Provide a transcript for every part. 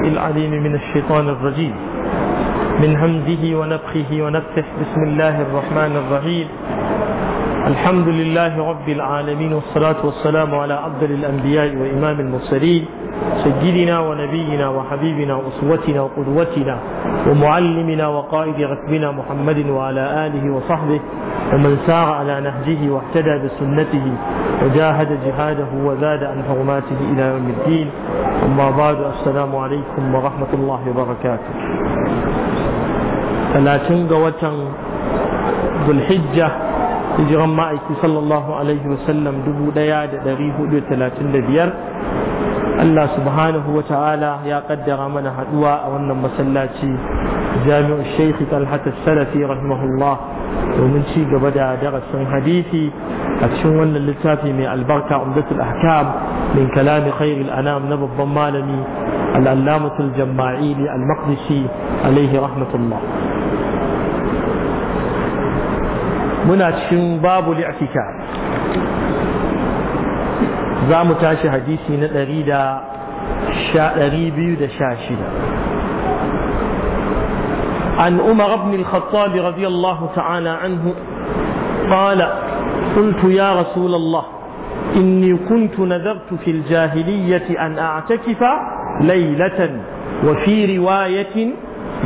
العليم من الشيطان الرجيم من همزه ونفخه ونفسه بسم الله الرحمن الرحيم الحمد لله رب العالمين والصلاة والسلام على عبد الأنبياء وإمام المرسلين سيدنا ونبينا وحبيبنا وأسوتنا وقدوتنا ومعلمنا وقائد ركبنا محمد وعلى آله وصحبه ومن سار على نهجه واهتدى بسنته وجاهد جهاده وزاد عن حرماته إلى يوم الدين أما بعد السلام عليكم ورحمة الله وبركاته ثلاثين قوة ذو الحجة hijiran ma'aiki sallallahu alaihi wasallam dubu daya da dari hudu talatin da biyar Allah subhanahu wa ta'ala ya kaddara mana haduwa a wannan masallaci jami'u Sheikh Talhat Salafi rahimahullah domin ci gaba da darasin hadisi a cikin wannan littafi mai albarka Umdatul Ahkam min kalami khairil anam na babban malami al-Allamah al-Jamma'ili al-Maqdisi alayhi rahmatullah muna cikin babu li'tikaf za mu tashi hadisi na ɗari da ɗari biyu da sha shida an umar ibn al-khattab radiyallahu ta'ala anhu qala qultu ya rasul allah inni kuntu nadartu fil jahiliyyati an a'takifa laylatan wa fi riwayatin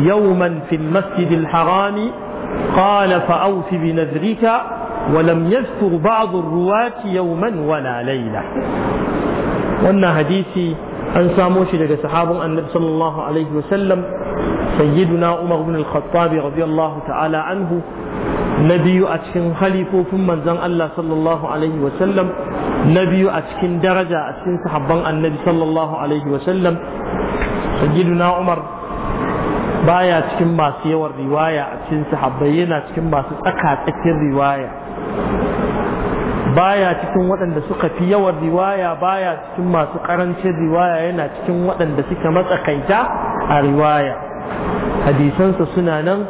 yawman fil masjid al-harami qala fa awfi bi nadrika ولم يذكر بعض الرواة يوما ولا ليلة wannan hadisi an samo shi daga sahabin annabi sallallahu alaihi wasallam sayyiduna umar bin al-khattab radiyallahu ta'ala anhu na biyu a cikin halifofin manzon Allah sallallahu alaihi wasallam na biyu a cikin daraja a cikin sahabban annabi sallallahu alaihi wasallam umar baya cikin masu yawan riwaya a cikin sahabbai yana cikin masu tsaka tsakin riwaya baya cikin waɗanda suka fi yawan riwaya baya cikin masu ƙarancin riwaya yana cikin waɗanda suka matsakaita a riwaya hadisansa suna nan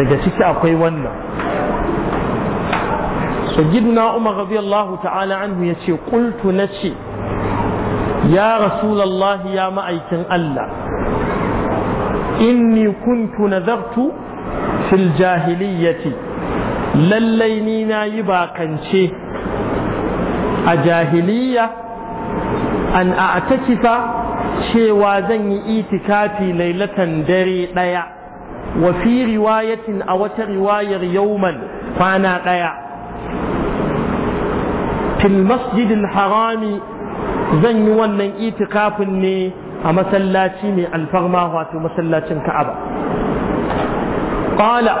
daga ciki akwai wannan sajiduna umar radiyallahu ta'ala anhu ya ce ƙultu na ce ya rasulallah ya ma'aikin Allah inni kuntu nazartu fil jahiliyyati lallai ni na yi bakance a jahiliya an a takifa cewa zan yi itikafi lailatan dare ɗaya wa fi riwayatin a wata riwayar yauman kwana ɗaya fil masjidil harami zan yi wannan itikafin ne a masallaci mai alfarma wato masallacin ka'aba qala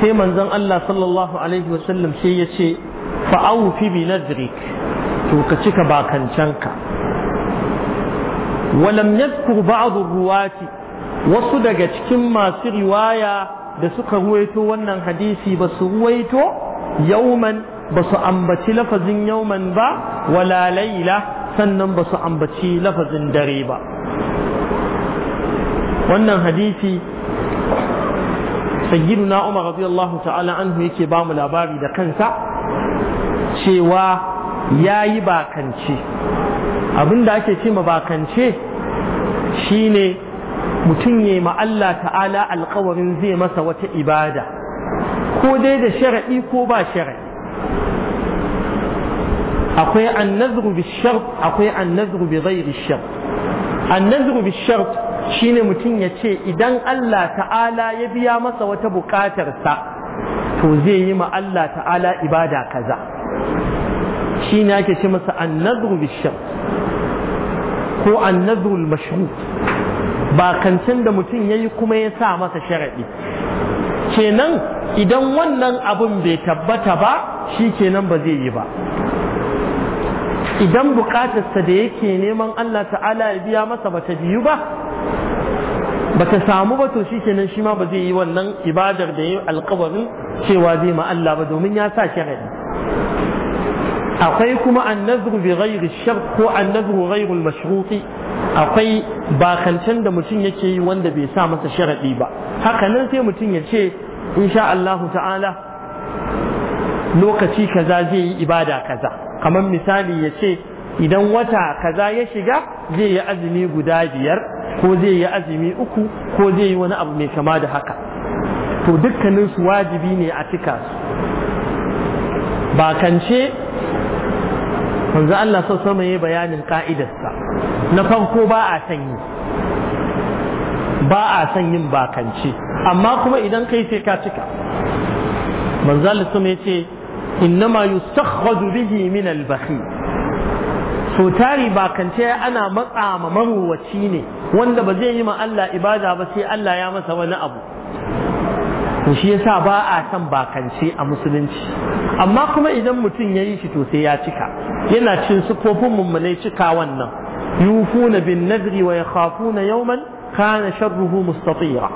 sai manzon Allah sallallahu alaihi wasallam sai ya ce fa'aufi bi nadrik to ka cika bakancanka walam yadkur ba'd ruwati wasu daga cikin masu riwaya da suka ruwaito wannan hadisi ba su ruwaito yauman ba su ambaci lafazin yauman ba wala laila sannan ba su ambaci lafazin dare ba wannan hadisi sayyiduna umar radiyallahu ta'ala anhu yake ba mu labari da kansa cewa ya yi bakance abinda ake ce ma bakance shine mutum ya ma Allah ta'ala alkawarin zai masa wata ibada ko dai da shara'i ko ba shara'i akwai annazru bi bi ghairi shart bi Shi ne mutum ya ce idan Allah ta'ala ya biya masa wata bukatarsa to zai yi ma Allah ta'ala ibada kaza shi ne ake ce masa annadru bishar ko annadru mashru ba kancan da mutum ya yi kuma ya sa masa sharaɗi kenan idan wannan abun bai tabbata ba shi kenan ba zai yi ba idan bukatarsa da yake neman Allah ta'ala ya biya masa bata biyu ba ba ta samu ba to shi kenan shi ma ba zai yi wannan ibadar da ya alkawarin cewa zai ma Allah ba domin ya sa ne. akwai kuma annazru bi ghairi shart ko annazru ghairul mashruti akwai bakancan da mutum yake yi wanda bai sa masa sharadi ba haka nan sai mutum ya ce insha Allah ta'ala lokaci kaza zai yi ibada kaza kamar misali ya ce idan wata kaza ya shiga zai yi azumi guda biyar ko zai yi azumi uku ko zai yi wani abu mai kama da haka to dukkanin su wajibi ne a cika su ba kance manzo Allah sau sama ya bayanin ka'idarsa na farko ba a sanyi ba a son yin bakance amma kuma idan kai sai ka cika manzo Allah sama ya ce innama yustakhadu bihi min al-bakhil so tari bakance ana matsa ma maruwaci ne wanda ba zai yi ma Allah ibada ba sai Allah ya masa wani abu to shi yasa ba a san bakance a musulunci amma kuma idan mutum ya yi shi to sai ya cika yana cin sufofin mummunai cika wannan yufuna bin nadri wa yakhafuna yawman kana sharruhu mustatira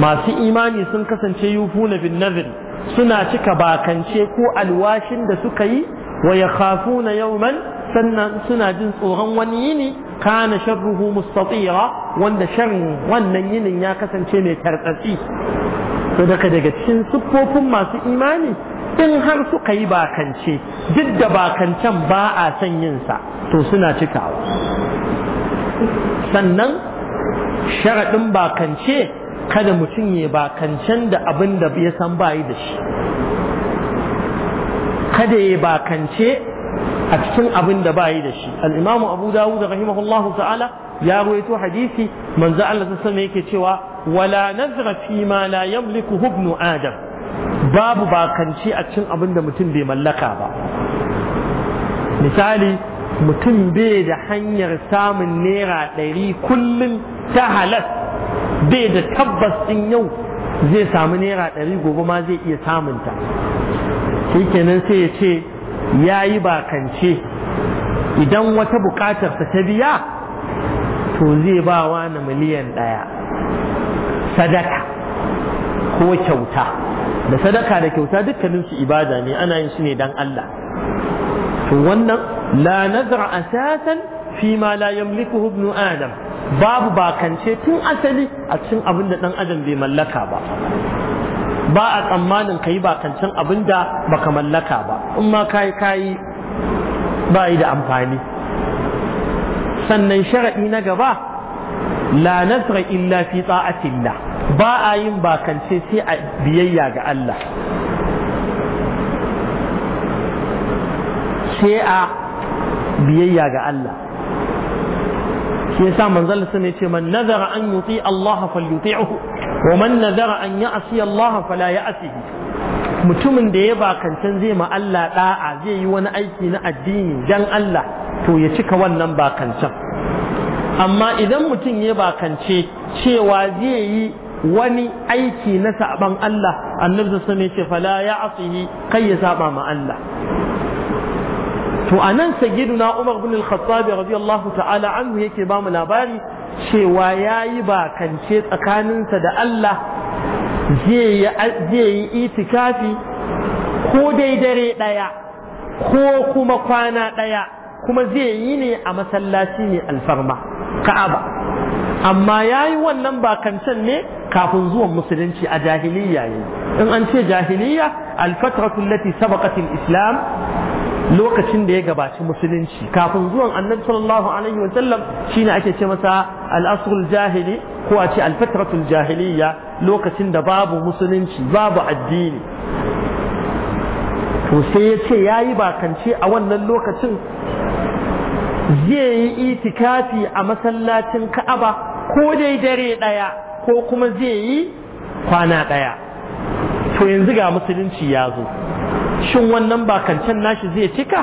masu imani sun kasance yufuna bin nadri suna cika bakance ko alwashin da suka yi wa yakhafuna yawman sannan suna jin tsoron wani yini kana sharruhu mustatira wanda sharrin wannan yinin ya kasance mai tartsatsi to daga daga cikin siffofin masu imani in har suka yi bakance duk da bakancen ba a son yin sa to suna cikawa sannan sharaɗin bakance kada mutum ya bakancen da abin da ya san bayi da shi kada ya bakance a cikin abin da ba yi da shi al-imamu abu dawud rahimahullahu ta'ala ya rawaito hadisi manzo Allah ta sama yake cewa wala nazra fi ma la yamliku ibn adam babu bakanci a cikin abin da mutum bai mallaka ba misali mutum bai da hanyar samun naira ɗari kullum ta halas bai da tabbas ɗin yau zai samu naira ɗari gobe ma zai iya samunta shi kenan sai ya ce ya yi bakance idan wata bukatarsa ta biya to zai ba wani miliyan ɗaya sadaka ko kyauta da sadaka da kyauta dukkaninsu ibada ne ana yin shi ne don Allah to wannan la nazar asasan fi ma la yamliku ibn adam babu bakance tun asali a cikin abin da dan adam bai mallaka ba ba a tsammanin ka yi bakancin abin da baka mallaka ba in ma kayi kayi ba yi da amfani sannan sharaɗi na gaba la nasra illa fi ta'atillah ba a yin bakance sai a biyayya ga Allah sai a biyayya ga Allah shi yasa manzal sun ce man nazara an yuti Allah falyuti'hu wa man nazara an ya'si Allah fala ya'sihi mutumin da ya bakancan zai ma Allah da'a zai yi wani aiki na addini dan Allah to ya cika wannan bakancan amma idan mutum ya bakance cewa zai yi wani aiki na saban Allah annabi sun ce fala ya'sihi kai ya saba ma Allah to anan sayyiduna Umar bin Al-Khattab radiyallahu ta'ala anhu yake ba mu labari cewa ya yi bakance tsakaninsa da Allah zai yi itikafi ko dai dare ɗaya ko kuma kwana ɗaya kuma zai yi ne a masallaci ne alfarma ka'aba amma ya yi wannan bakancen ne kafin zuwan musulunci a jahiliya ne in an ce jahiliya alfatratul lati sabaqatil islam lokacin da ya gabaci musulunci kafin zuwan annabi sallallahu alaihi wasallam shine ake ce masa al-asrul jahili ko a ce al-fatratul jahiliya lokacin da babu musulunci babu addini to sai ya ce yayi bakance a wannan lokacin zai yi itikafi a masallacin Ka'aba ko dai dare daya ko kuma zai yi kwana daya to yanzu ga musulunci ya zo shin wannan bakancan nashi zai cika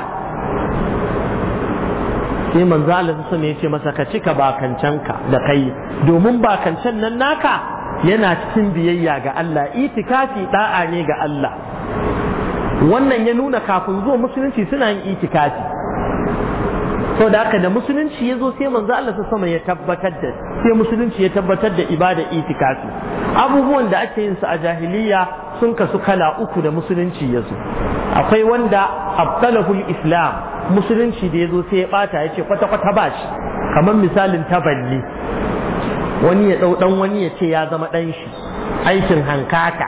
sai manzo Allah sai ne yace masa ka cika bakancanka da kai domin bakancan nan naka yana cikin biyayya ga Allah itikafi da'a ne ga Allah wannan ya nuna kafin zuwa musulunci suna yin itikafi Sau da haka da musulunci ya zo sai manzo Allah sai sama ya tabbatar da sai musulunci ya tabbatar da ibada itikafi abubuwan da ake yin su a jahiliya sun kasu kala uku da musulunci ya zo akwai wanda abdalahul islam musulunci da ya zo sai ya bata ya ce kwata-kwata ba shi kamar misalin taballi wani ya ɗau ɗan wani ya ce ya zama ɗan shi aikin hankaka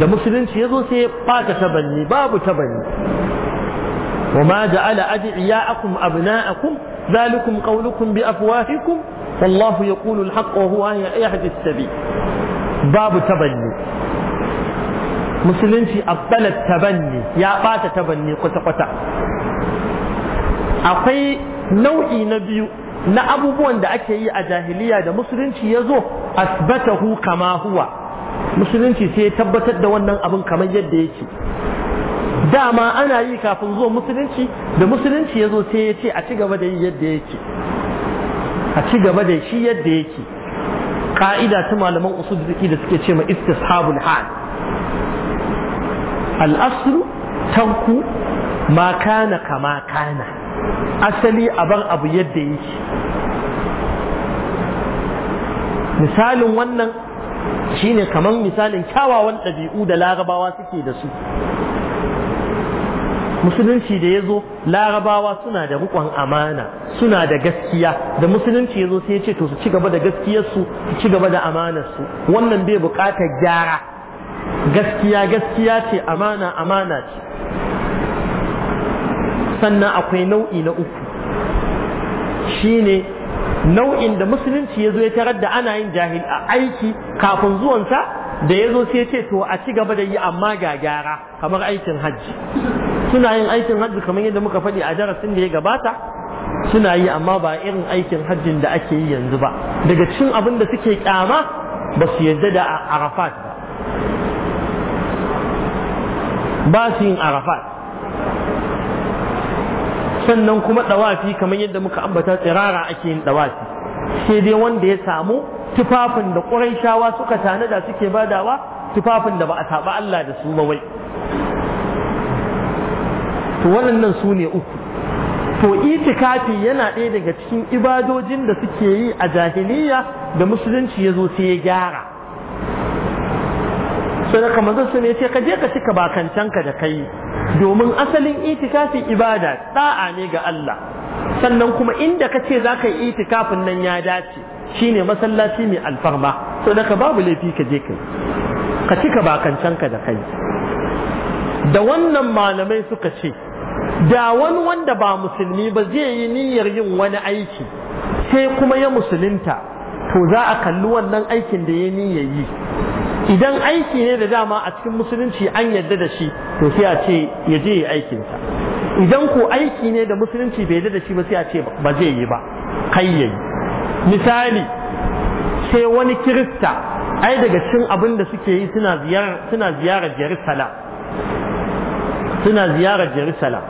da musulunci ya zo sai ya bata taballi babu taballi wa ma ja'ala adiyakum abna'akum zalikum qawlukum bi afwahikum wallahu yaqulu al-haqqa wa huwa yahdi as-sabil babu taballi musulunci abdalat tabanni ya bata tabanni kwata-kwata akwai nau'i na biyu na abubuwan da ake yi a jahiliya da musulunci ya zo asbatahu kama huwa musulunci sai ya tabbatar da wannan abin kamar yadda yake dama ana yi kafin zo musulunci da musulunci ya zo sai ya ce a ci gaba da yi yadda yake a ci gaba da shi yadda yake ka'ida ta malaman usul da suke ce ma istishabul hal al'aslu tanku ma kana kama kana asali a abu yadda yake misalin wannan shine kamar misalin kyawawan ɗabi'u da larabawa suke da su musulunci da ya zo larabawa suna da rikon amana suna da gaskiya da musulunci ya zo sai ya ce to su ci gaba da gaskiyarsu su ci gaba da amanarsu wannan bai buƙatar gyara gaskiya gaskiya ce amana amana ce sannan akwai nau'i na uku shine nau'in da musulunci ya zo ya tarar da ana yin jahil a aiki kafin zuwansa da ya zo sai ce to a ci gaba da yi amma ga gyara kamar aikin hajji suna yin aikin hajji kamar yadda muka faɗi a darasin da ya gabata suna yi amma ba irin aikin hajjin da ake yi yanzu ba daga cikin abin da suke kyama ba su yarda da arafat ba ba su yin arafat sannan kuma dawafi kamar yadda muka ambata tsirara ake yin dawafi sai dai wanda ya samu tufafin da ƙurayshawa suka tanada suke badawa tufafin da ba a taɓa Allah da su wai to waɗannan su ne uku to itikafi yana ɗaya daga cikin ibadojin da suke yi a jahiliya da musulunci ya zo sai ya gyara sai da kamar zan sani ce ka je ka cika ka da kai domin asalin itikafin ibada da'a ne ga Allah sannan kuma inda ka ce za yi itikafin nan ya dace shine masallaci mai alfarma sai da ka babu laifi ka je kai ka cika ka da kai da wannan malamai suka ce da wani wanda ba musulmi ba zai yi niyyar yin wani aiki sai kuma ya musulunta to za a kalli wannan aikin da ya yi idan aiki ne da dama a cikin musulunci an yadda da shi to sai a ce ya je yi aikinsa idan ko aiki ne da musulunci bai yadda da shi ba sai a ce ba zai yi ba kai yayi misali sai wani kirista ai daga cikin abin da suke yi suna ziyarar suna ziyarar Jerusalem suna ziyarar Jerusalem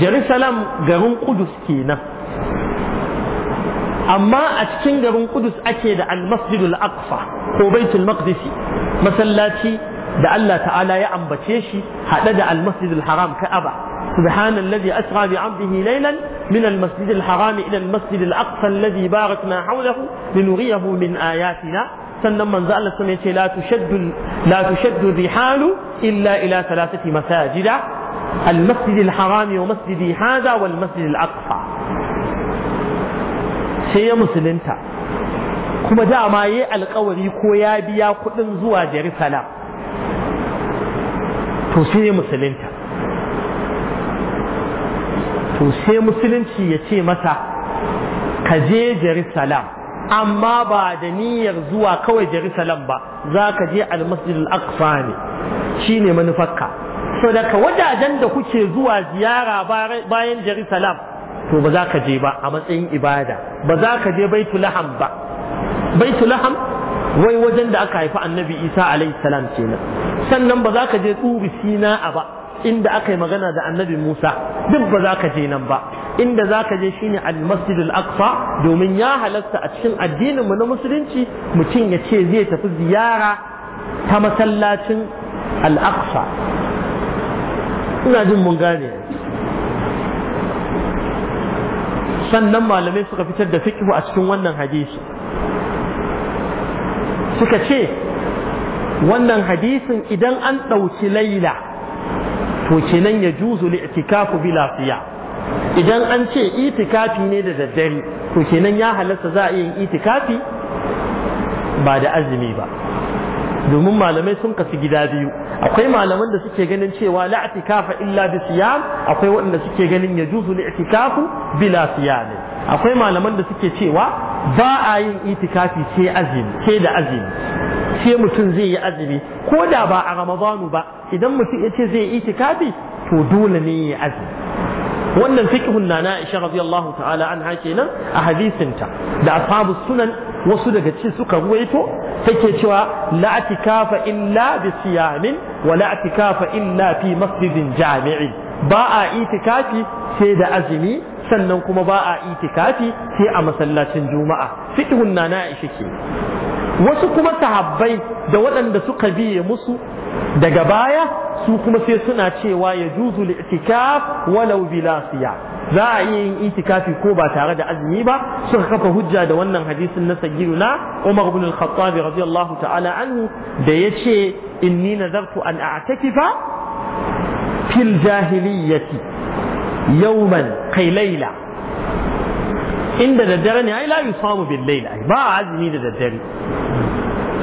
Jerusalem garin Kudus kenan أما a cikin garin kudus ake da almasjid al-aqsa ko bait al-maqdis masallaci da Allah ta'ala ya ambace shi hada سبحان الذي أسرى بعبده ليلا من المسجد الحرام إلى المسجد الأقصى الذي باركنا حوله لنريه من آياتنا سنة من زال السنة لا تشد لا تشد الرحال إلا إلى ثلاثة مساجد المسجد الحرام ومسجد هذا والمسجد الأقصى sai ya musulunta kuma dama ya yi alkawari ko ya biya kuɗin zuwa jerusalem to sai ya musulunta to sai musulunci ya ce masa ka je jerusalem amma ba da niyyar zuwa kawai jerusalem ba za ka je almasjid al-aqsa ne shine manufarka so daga wajajen da kuke zuwa ziyara bayan jerusalem to ba za ka je ba a matsayin ibada ba za ka je baitu laham ba baitu laham wai wajen da aka haifi annabi isa alaihi salam kenan sannan ba za ka je tsubi sina a ba inda aka yi magana da annabi musa duk ba za ka je nan ba inda za ka je shine al-masjid al-aqsa domin ya halatta a cikin addinin mu na musulunci mutum ya ce zai tafi ziyara ta masallacin al-aqsa ina jin mun gane sannan malamai suka fitar da fikihu a cikin wannan hadisi suka ce wannan hadisin idan an ɗauki laila to kenan ya juzu li'tikafu bi lafiya idan an ce itikafi ne da daddare to kenan ya halarta za a yin itikafi ba da azumi ba domin malamai sun kasu gida biyu akwai malaman da suke ganin cewa la itikafa illa bi siyam akwai waɗanda suke ganin ya li itikafu bila siyam akwai malaman da suke cewa ba a yin itikafi sai azumi sai da azumi sai mutum zai yi azumi ko da ba a ramadanu ba idan mutum ya ce zai yi itikafi to dole ne ya azumi wannan fiqhun na Aisha radiyallahu ta'ala anha kenan a ta da ashabu sunan wasu daga ci suka ruwaito take cewa la atikafa illa bi siyamin wa la atikafa illa fi masjidin jami'i ba a itikafi sai da azumi sannan kuma ba a itikafi sai a masallacin juma'a fiqhun na na Aisha ke wasu kuma sahabbai da waɗanda suka biye musu daga baya su kuma sai suna cewa ya juzu li'tikaf walau bila siya za a iya yin itikafi ko ba tare da azumi ba suka kafa hujja da wannan hadisin na na Umar ibn al-Khattab radiyallahu ta'ala anhu da yace inni nazartu an a'takifa fil jahiliyyati yawman kai laila inda daddare ne ai la yusamu bil ba azumi da daddare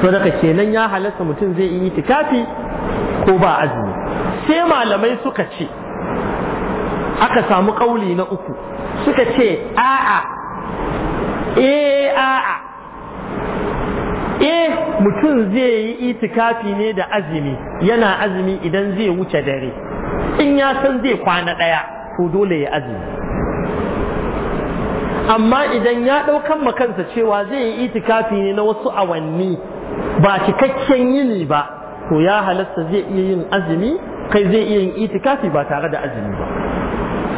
so daga kenan ya halatta mutum zai yi itikafi ko ba azumi sai malamai suka ce aka samu kauli na uku suka ce a'a eh a'a eh mutum zai yi itikafi ne da azumi yana azumi idan zai wuce dare in ya san zai kwana ɗaya to dole ya azumi amma idan ya ɗaukan makansa cewa zai yi itikafi ne na wasu awanni ba cikakken yini ba to ya halatta zai iya yin azumi kai zai iya yin itikafi ba tare da azumi ba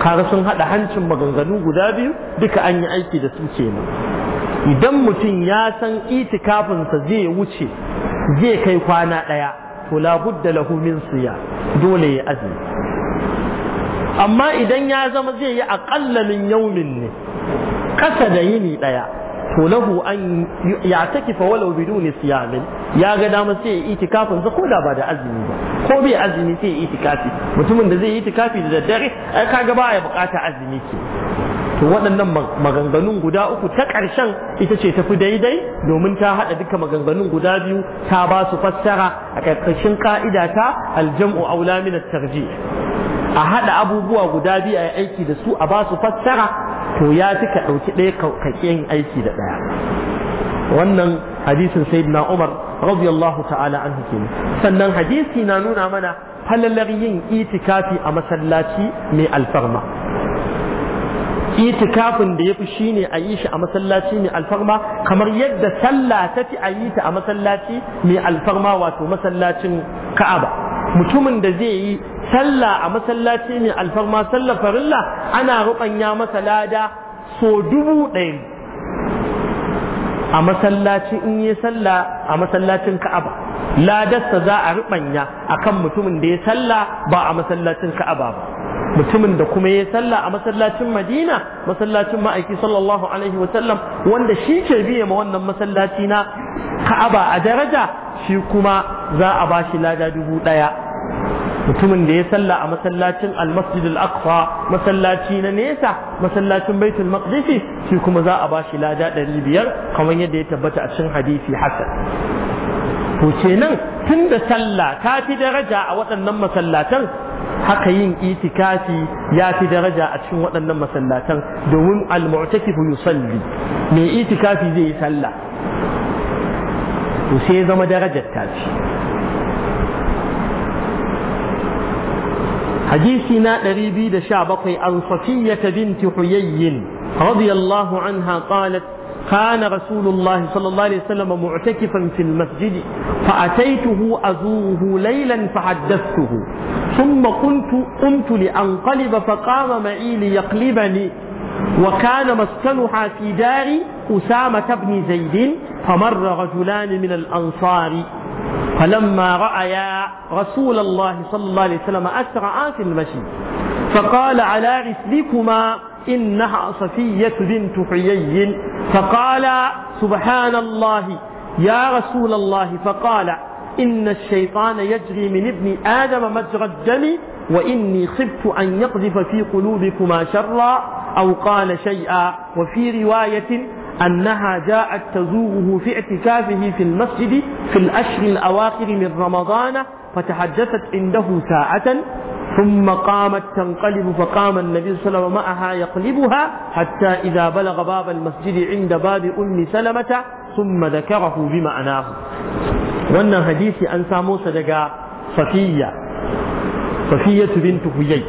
kaga sun haɗa hancin maganganu guda biyu duka an yi aiki da su ce kenan idan mutum ya san itikafinsa zai wuce zai kai kwana ɗaya to budda lahu min siya dole ya azumi amma idan ya zama zai yi aƙalla min ne kasa da yini ɗaya to lahu an ya'takifa walau bidun siyamin ya ga dama sai ya itikafin sa koda ba da azumi ba ko bai azumi sai ya itikafi mutumin da zai yi itikafi da daddare ai kaga ba ya bukata azumi ke to waɗannan maganganun guda uku ta ƙarshen ita ce tafi daidai domin ta haɗa duka maganganun guda biyu ta ba su fassara a ƙarƙashin ka'ida ta aljam'u aula min tarji a haɗa abubuwa guda biyu a aiki da su a ba su fassara to ya fi ka ɗauki ɗaya ka yin aiki da ɗaya wannan hadisin sayyidina umar radiyallahu ta'ala anhu kenan sannan hadisi na nuna mana falalar yin itikafi a masallaci mai alfarma itikafin da ya fi shi ne a yi shi a masallaci mai alfarma kamar yadda sallah ta fi a yi ta a masallaci mai alfarma wato masallacin ka'aba mutumin da zai yi sallah a masallaci mai alfarma sallah farilla ana ruɓanya masa lada so dubu ɗaya a masallaci in yi sallah a masallacin ka'aba ladarsa za a ruɓanya akan mutumin da ya sallah ba a masallacin ka'aba ba mutumin da kuma ya sallah a masallacin madina masallacin ma'aiki sallallahu alaihi wasallam wanda shi ke biye ma wannan masallaci na ka'aba a daraja shi kuma za a ba shi lada dubu ɗaya mutumin da ya salla a masallacin al-masjid al-aqsa masallaci na nesa masallacin baitul maqdisi shi kuma za a bashi lada 500 kamar yadda ya tabbata a cikin hadisi hasan to kenan tunda sallah ta fi daraja a waɗannan masallatan haka yin itikafi ya fi daraja a cikin waɗannan masallatan domin al-mu'takifu yusalli mai itikafi zai yi sallah to sai ya zama darajar ta حديثنا بيد دشابقي عن صفية بنت حيي رضي الله عنها قالت كان رسول الله صلى الله عليه وسلم معتكفا في المسجد فأتيته أزوره ليلا فحدثته ثم قلت قمت لأنقلب فقام معي ليقلبني وكان مسكنها في دار أسامة بن زيد فمر رجلان من الأنصار فلما رأيا رسول الله صلى الله عليه وسلم أسرعا في المشي فقال على رسلكما إنها صفية بنت حيي فقال سبحان الله يا رسول الله فقال إن الشيطان يجري من ابن آدم مجرى الدم وإني خفت أن يقذف في قلوبكما شرا أو قال شيئا وفي رواية أنها جاءت تزوره في اعتكافه في المسجد في الأشهر الأواخر من رمضان فتحدثت عنده ساعة ثم قامت تنقلب فقام النبي صلى الله عليه وسلم معها يقلبها حتى إذا بلغ باب المسجد عند باب أم سلمة ثم ذكره بمعناه وأن حديث أن ساموس دقا صفية صفية بنت هيي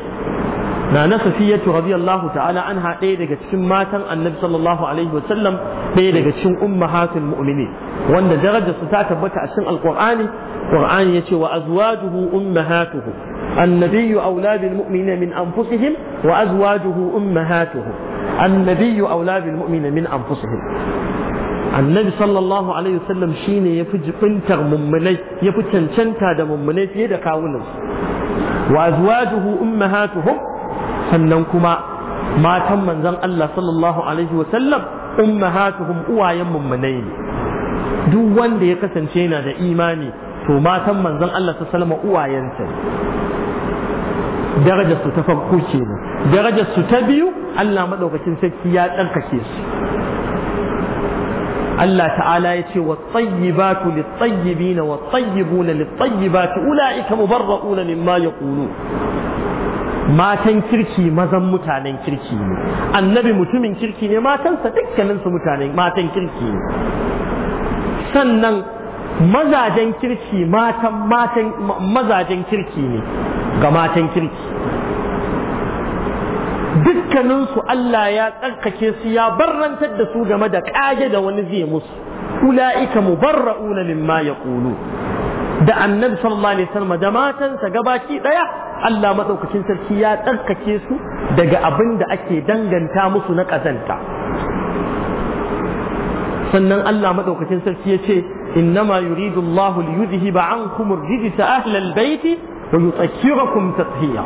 na na safiyatu radiyallahu ta'ala anha ɗaya daga cikin matan annabi sallallahu alaihi wa sallam ɗaya daga cikin ummahatul mu'minin wanda darajar su ta tabbata a cikin alqur'ani qur'ani yace wa azwajuhu ummahatuhu النبي أولى بالمؤمنين من أنفسهم وأزواجه أمهاتهم النبي أولى بالمؤمنين من أنفسهم annabi sallallahu alaihi wa sallam shine yafi jibintar mummunai yafi cancanta da mummunai fiye da kawunan wa azwajuhu ummahatuhum sannan kuma matan manzon Allah sallallahu alaihi wa sallam ummahatuhum uwayen mummunai ne duk wanda ya kasance yana da imani to matan manzon Allah sallallahu alaihi wa sallam uwayensa darajar su ta farko kenan daraja su ta biyu Allah madaukakin sarki ya tsarkake su Allah ta'ala ya ce wattayyibatu lit-tayyibina wat-tayyibuna lit-tayyibati ulaika mubarra'una mimma yaqulun matan kirki mazan mutanen kirki ne annabi mutumin kirki ne matansa dukkaninsu mutanen matan kirki ne sannan mazajen kirki matan matan mazajen kirki ne ga matan kirki dukkaninsu Allah ya tsarkake su ya barrantar da su game da kage da wani zai musu ula'ika mubarra'una mimma yaqulu da annabi sallallahu alaihi wasallam da matansa gabaki daya Allah madaukakin sarki ya tsarkake su daga abin da ake danganta musu na kazanta sannan Allah madaukakin sarki ya ce innama yuridu Allah liyudhhiba ankum ar-rijsa ahla al-bayt wa yutahhirakum mutum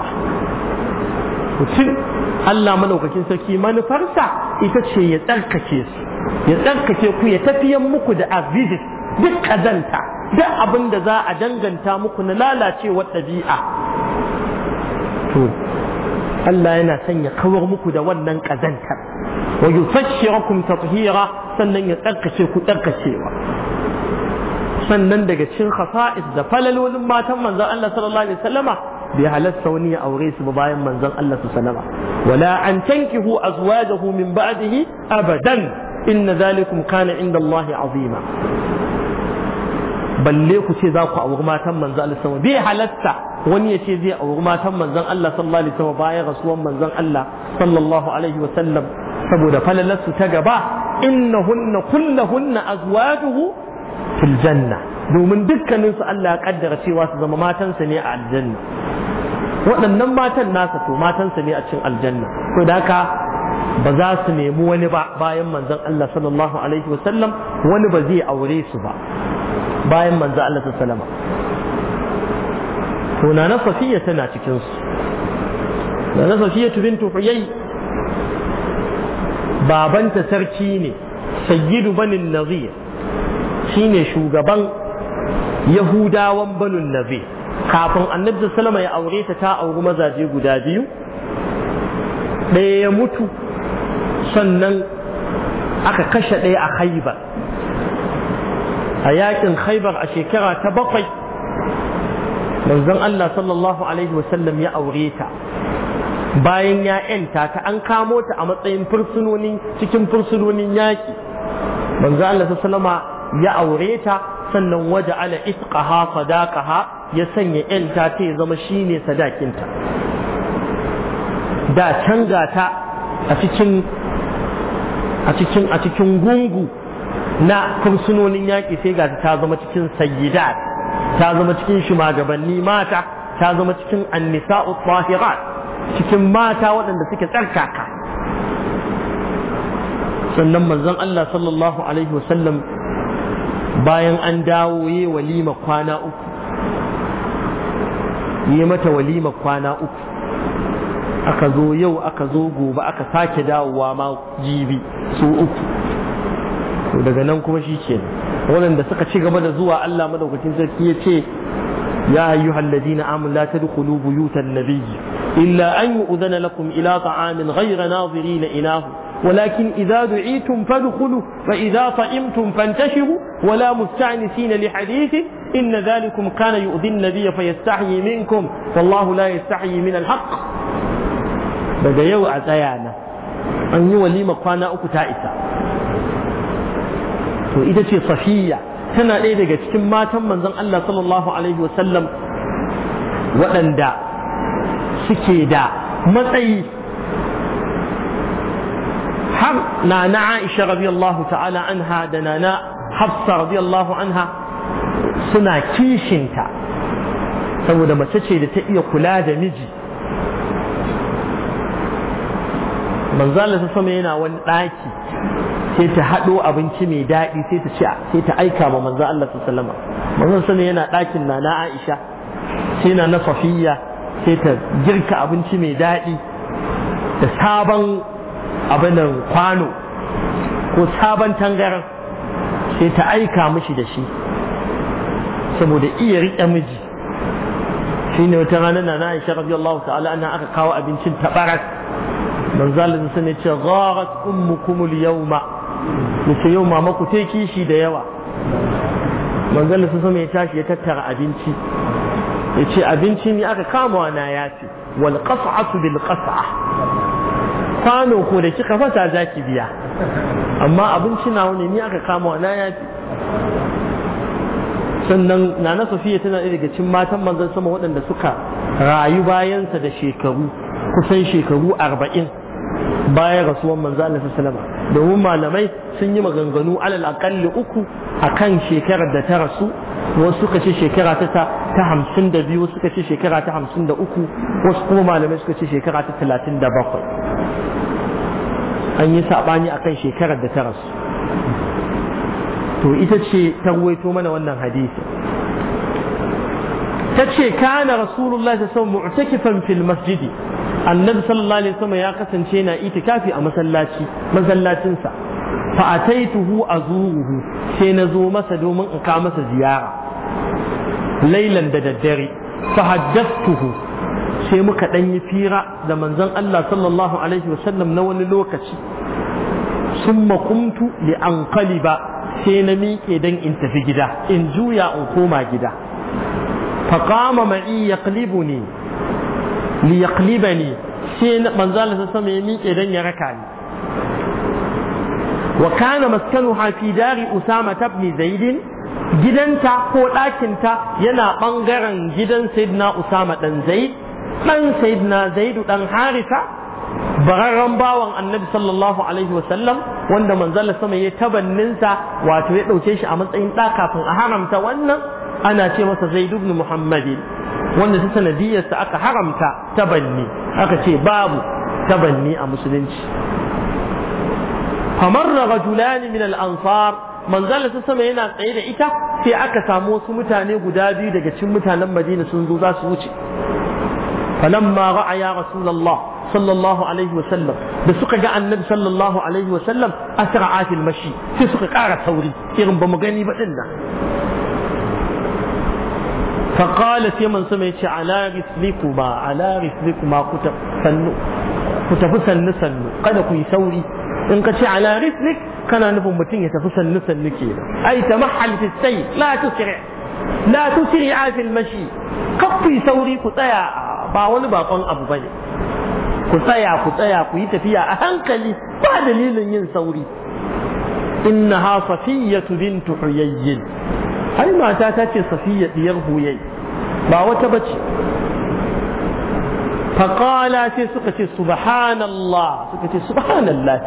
Allah madaukakin sarki manufarsa ita ce ya tsarkake su ya tsarkake ku ya tafiyan muku da arrijis duk kazanta duk abin da za a danganta muku na lalacewar ɗabi'a to Allah yana sanya kawar muku da wannan ƙazantar wa yufashshirakum tathira sannan ya tsarkace ku tsarkacewa sannan daga cikin khasa'is da falalolin matan manzon Allah sallallahu alaihi wasallama bai halarta wani ya aure su bayan manzon Allah su wala an tankihu azwajahu min ba'dihi abadan inna zalikum kana inda Allah azima balle ku ce za ku auri matan manzon Allah sama bai halatta wani ya ce zai auri matan manzan Allah sallallahu alaihi wasallam bayan rasuwan manzan Allah sallallahu alaihi wasallam saboda falalarsu ta gaba innahunna kullahunna azwajuhu fil janna domin dukkaninsu Allah ya kaddara cewa su zama matansa ne a aljanna waɗannan matan nasa to matansa ne a cikin aljanna to da haka ba za su nemi wani ba bayan manzon Allah sallallahu alaihi wasallam wani ba zai aure su ba bayan manzo Allah sallama to na safiya tana cikin su na safiya bintu huyai babanta sarki ne sayyidu banin nazir shine shugaban yahudawan banin nabi kafin annabi sallama ya aure ta ta auri mazaje guda biyu ɗaya ya mutu sannan aka kashe ɗaya a haibar a yakin khaibar a shekara ta bakwai manzon Allah sallallahu alaihi wasallam ya aure ta bayan ya yanta ta an kamo ta a matsayin fursunonin cikin fursunonin yaki manzon Allah sallama ya aure ta sannan waje ala isqaha sadaqaha ya sanya yanta ta ya zama shine sadakinta da canza ta a cikin a cikin a cikin gungu na fursunonin yaƙi sai ga ta zama cikin sayyidat ta zama cikin shugabanni mata ta zama cikin annisa'u tahirat cikin mata waɗanda suke tsarkaka sannan manzon Allah sallallahu alaihi wasallam bayan an dawo yi walima kwana uku yi mata walima kwana uku aka zo yau aka zo gobe aka sake dawowa ma jibi su uku to daga nan kuma shi ke waɗanda suka ci gaba da zuwa Allah madaukakin sarki ya ce ya ayyuhal ladina amanu la tadkhulu buyutan nabiyyi illa an yu'dhana lakum ila ta'amin ghayra nadhirina inahu ولكن إذا دعيتم فادخلوا فإذا طئمتم فانتشروا ولا مستعنسين لحديث إن ذلكم كان يؤذي النبي فيستحيي منكم والله لا يستحيي من الحق بدأ يوعى سيانا أن يولي مقانا أكتائسا to ita ce safiya tana ɗaya daga cikin matan manzon Allah sallallahu alaihi wasallam waɗanda suke da matsayi har na na Aisha radiyallahu ta'ala anha da na na Hafsa radiyallahu anha suna kishinta saboda mace ce da ta iya kula da miji manzala ta sama yana wani ɗaki sai ta hado abinci mai dadi sai ta ci sai ta aika ma manzo Allah sallallahu alaihi wasallam manzo yana ɗakin nana Aisha sai na na Safiya sai ta girka abinci mai dadi da sabon abin kwano ko sabon tangaran sai ta aika mishi da shi saboda iya riƙe miji shine wata rana na Aisha radiyallahu ta'ala ana aka kawo abincin tabarak manzo Allah sallallahu alaihi wasallam ya ce gharat ummukum al-yawma ya ce yau mama ku tai kishi da yawa manzala sun sama ya tashi ya tattara abinci ya ce abinci ni aka kama na ya ce wal qas'atu bil qas'a kwano ko da kika za zaki biya amma abinci na wani ni aka kama na ya ce sannan nana safiya tana da daga cikin matan manzon sama waɗanda suka rayu bayansa da shekaru kusan shekaru arba'in Baya bayan rasuwan manzo Allah sallallahu alaihi domin malamai sun yi maganganu alal aqalli uku akan shekarar da ta rasu wasu suka ce shekara ta ta hamsin da biyu suka ce shekara ta hamsin da uku wasu kuma malamai suka ce shekara ta talatin da bakwai an yi saɓani akan shekarar da ta rasu to ita ce ta ruwaito mana wannan hadisi ta ce kana rasulullahi sallallahu alaihi wasallam mu'takifan fil masjidi annabi sallallahu alaihi wasallam ya kasance na itikafi a masallaci masallacinsa fa ataituhu azuruhu sai na zo masa domin in ka masa ziyara lailan da daddare fa tuhu, sai muka dan yi fira da manzon Allah sallallahu alaihi wasallam na wani lokaci summa kumtu li anqaliba sai na miƙe dan in tafi gida in juya in koma gida فقام معي يقلبني li yaqlibani sai manzo Allah sama ya miƙe dan ya raka ni wa kana maskanuha fi dari usama ibn Zaidin. gidanta ko ɗakinta yana ɓangaren gidan sayyidina usama dan zaid dan sayyidina Zaidu dan harisa bararren bawan annabi sallallahu alaihi wasallam wanda manzala sama ya tabanninsa wato ya ɗauke shi a matsayin ɗa kafin a haramta wannan ana ce masa zaid ibn muhammadin wanda ta sanadiyarsa aka haramta tabanni aka ce babu tabanni a musulunci famarra rajulani min al-ansar manzala ta sama yana tsaye da ita sai aka samu wasu mutane guda biyu daga cikin mutanen Madina sun zo za su wuce falamma ra'a ya rasulullah sallallahu alaihi wasallam da suka ga annabi sallallahu alaihi wasallam asra'a mashi sai suka kara sauri irin ba mu gani ba din nan فقال سيمن سمي على رسلكما على رسلكما كنت سنو كنت قد كي سوري إن على رسلك كان نبو متين يتفسن نسن أي تمحل في السيف لا تسرع لا تسرع في المشي كفي سوري كتايا باون باقون أبو بني كتايا كتايا كويت فيها أهنكلي ما دليل ين سوري إنها صفية بنت حيي ai mata ta ce safiya diyar huyai ba wata bace faƙala sai suka ce subhanallah suka ce subhanallah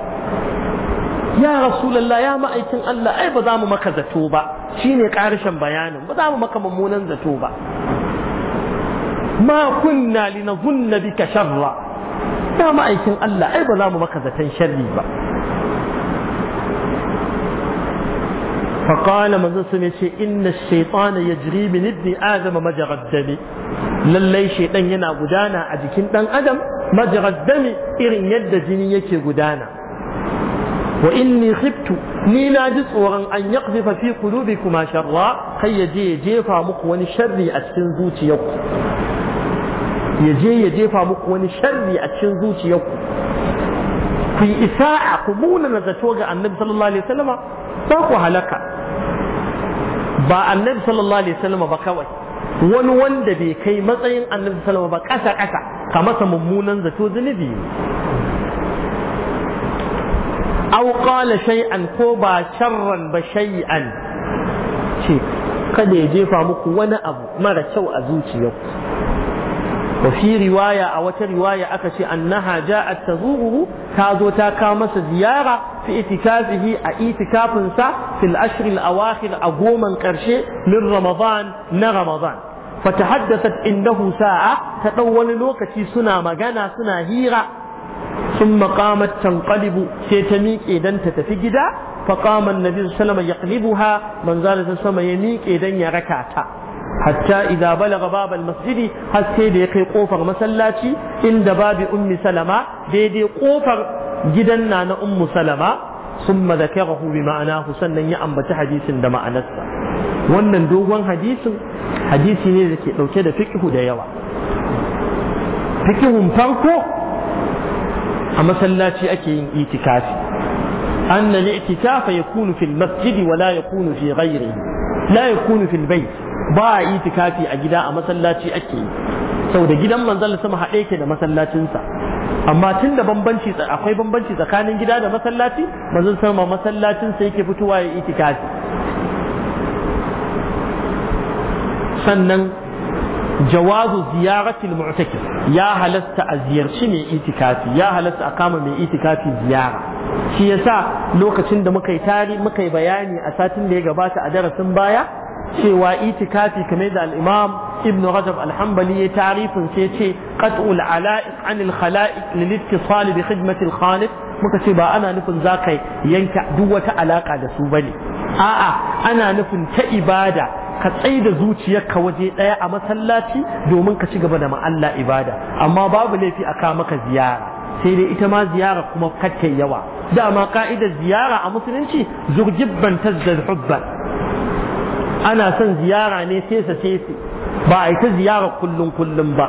ya rasulallah ya ma'aikin Allah ai ba za mu maka zato ba shine ƙarshen bayanin ba za mu maka mummunan zato ba ma kunna linazunna bika sharra ya ma'aikin Allah ai ba za mu maka zaton sharri ba فقال من زسم إن الشيطان يجري من ابن آدم مجرى الدم للي شيطان ينا قدانا أجكين دان أدم مجرى الدم إرن يد جنيك قدانا وإني خبت نينا جسورا أن يقذف في قلوبكما شرا كي يجي جيفا مقوان شري أتكين زوتي يوك يجي يجيفا مقوان شري أتكين زوتي يوك في إساءة قبولنا زتوغا النبي صلى الله عليه وسلم ba ku halaka ba annabi sallallahu alaihi wasallam ba kawai wani wanda bai kai matsayin annabi sallallahu ba kasa kasa ka masa mummunan zato zunubi aw qala shay'an ko ba sharran ba shay'an ce kada ya jefa muku wani abu mara kyau a zuciyarku wa riwaya a wata riwaya aka ce annaha ja'at tazuhu ta zo ta kawo masa ziyara fi itikafihi a itikafin sa fil ashr al a goman karshe min ramadan na ramadan fatahaddathat innahu sa'a ta dau wani lokaci suna magana suna hira ta ثم قامت تنقلب سيتميك إذن تتفجدا فقام النبي صلى الله عليه وسلم يقلبها من miƙe السلام ya raka ta. حتى إذا بلغ باب المسجد حتى يقي قوفر مسلاتي عند باب أم سلمة بيدي قوفر جدنا أم سلمة ثم ذكره بمعناه سنة يأم بتحديث دماء نسا وأن ندوغن حديث حديث نيزكي لو كده فكه ديوا فكه مفرقو أما سلاتي أكي إيتكاسي أن الاعتكاف يكون في المسجد ولا يكون في غيره لا يكون في البيت ba a itikafi a gida a masallaci ake yi saboda gidan manzon sama haɗe ke da masallacinsa amma tun da bambanci akwai bambanci tsakanin gida da masallaci manzon sama masallacinsa yake fitowa ya itikafi sannan jawazu ziyaratil mu'takif ya halasta a ziyarci mai itikafi ya halasta a kama mai itikafi ziyara shi yasa lokacin da muka yi tari muka yi bayani a satin da ya gabata a darasin baya cewa itikafi kamar da al-imam ibn rajab alhambali ya tarifin sai ce qat'ul ala'iq anil khala'iq lil ittisal bi khidmati al-khaliq muka ce ba ana nufin zaka yanke duk wata alaka da su bane a'a ana nufin ta ibada ka tsai da zuciyarka waje daya a masallaci domin ka ci gaba da ma'alla ibada amma babu laifi a ka maka ziyara sai dai ita ma ziyara kuma kakke yawa dama ka'idar ziyara a musulunci zurgibban tazzar hubban ana son ziyara ne sesa sese ba a yi ta ziyara kullum kullum ba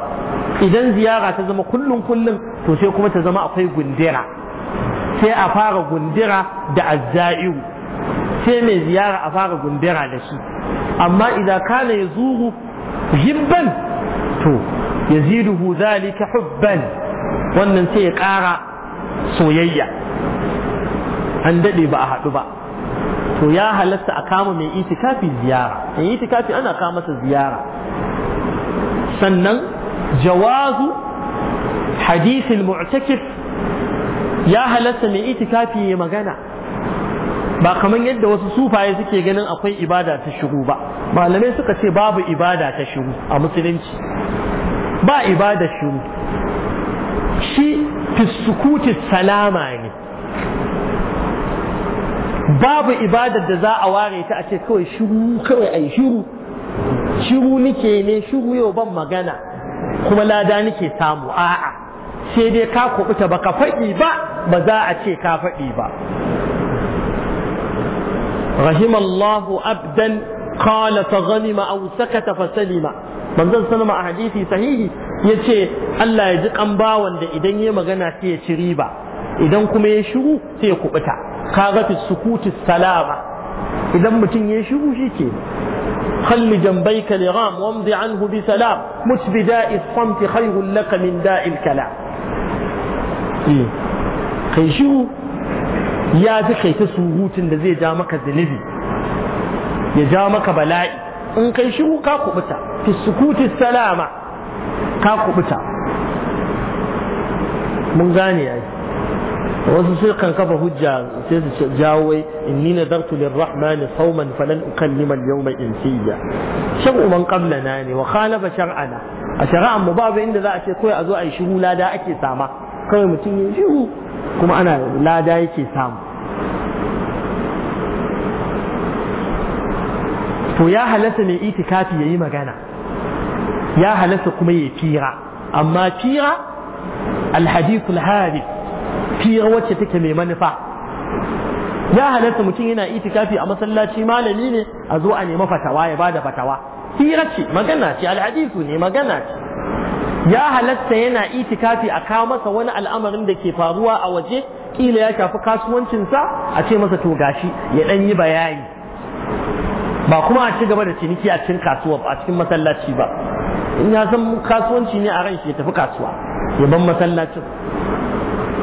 idan ziyara ta zama kullum kullum to sai kuma ta zama akwai gundira sai a fara gundira da azza'iru, sai mai ziyara a fara gundira da shi amma idan kana ya zuru hibban to ya ziduhu zalika hubban wannan sai ya ƙara soyayya an daɗe ba a haɗu ba to ya halatta a kama mai itikafi ziyara mai itikafi ana kama masa ziyara sannan jawazu hadisin mu'takif ya halatta mai itikafi ya magana ba kamar yadda wasu sufaye suke ganin akwai ibada ta shiru ba malamai suka ce babu ibada ta shiru a musulunci ba ibada shiru shi fi sukuti salama ne babu ibadar da za a ware ta a ce kawai shiru kawai yi shiru shiru nike ne shiru yau ban magana kuma lada nike samu a'a sai dai ka kubuta ba ka faɗi ba ba za a ce ka faɗi ba rahimallahu abdan qala fa ghanima aw sakata fa salima manzon sallama a hadisi sahihi yace Allah ya ji kan bawan da idan ya magana sai ya ciri ba. idan kuma ya shiru sai ya kubuta kaga fi sukuti salama idan mutum ya shiru shi ke خل جنبيك لغام وامض Salam, بسلام مت بداء الصمت خير لك من داء الكلام kai shiru ya fi kai ta surutun da zai ja maka zunubi ya ja maka bala'i in kai shiru ka kubuta fi sukuti salama ka kubuta mun gane yayi وسوسي كان كفه جا جاوي إني نذرت للرحمن صوما فلن أكلم اليوم إنسيا شرع من قبلنا يعني وخالف شرعنا الشرع مباب عند ذا أشي كوي أزوء يشهو لا دا أشي ساما كوي متين يشهو كما أنا لا دا أشي ساما to ya halatta ne itikafi yayi magana ya halatta kuma yayi kira amma kira alhadithul hadith fira wacce take mai manufa ya halatta mutum yana itikafi a masallaci malami ne a zo a nema fatawa ya bada fatawa fira ce magana ce alhadisu ne magana ce ya halatta yana itikafi a kawo masa wani al'amarin da ke faruwa a waje kila ya shafi kasuwancinsa a ce masa to gashi ya dan yi bayani ba kuma a ci gaba da ciniki a cikin kasuwa a cikin masallaci ba in ya san kasuwanci ne a ran shi ya tafi kasuwa ya ban masallacin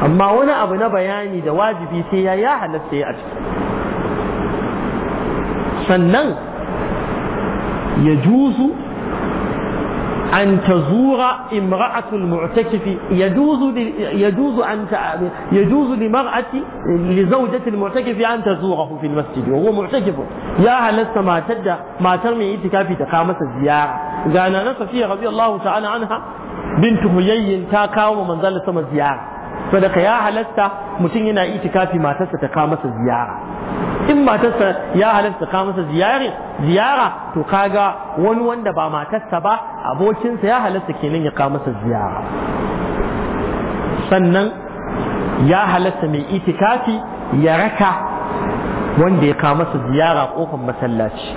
أما wani abu na bayani da wajibi sai ya ya halatta ya a أن تزور امرأة المعتكف يجوز يجوز أن يجوز لمرأة لزوجة المعتكف أن تزوره في المسجد وهو معتكف يا هل لسه ما تدى ما ترمي اعتكافي تقامة الزيارة قال أنا صفية رضي الله تعالى عنها بنت هيي تاكاو ومن ذلك الزيارة Sadaka daga ya halasta mutum yana itikafi matarsa ta kawo masa ziyara in matarsa ya halasta kawo masa ziyara ziyara to kaga wani wanda ba matarsa ba abokinsa ya halasta kenan ya kawo masa ziyara sannan ya halasta mai itikafi ya raka wanda ya kawo masa ziyara kofar masallaci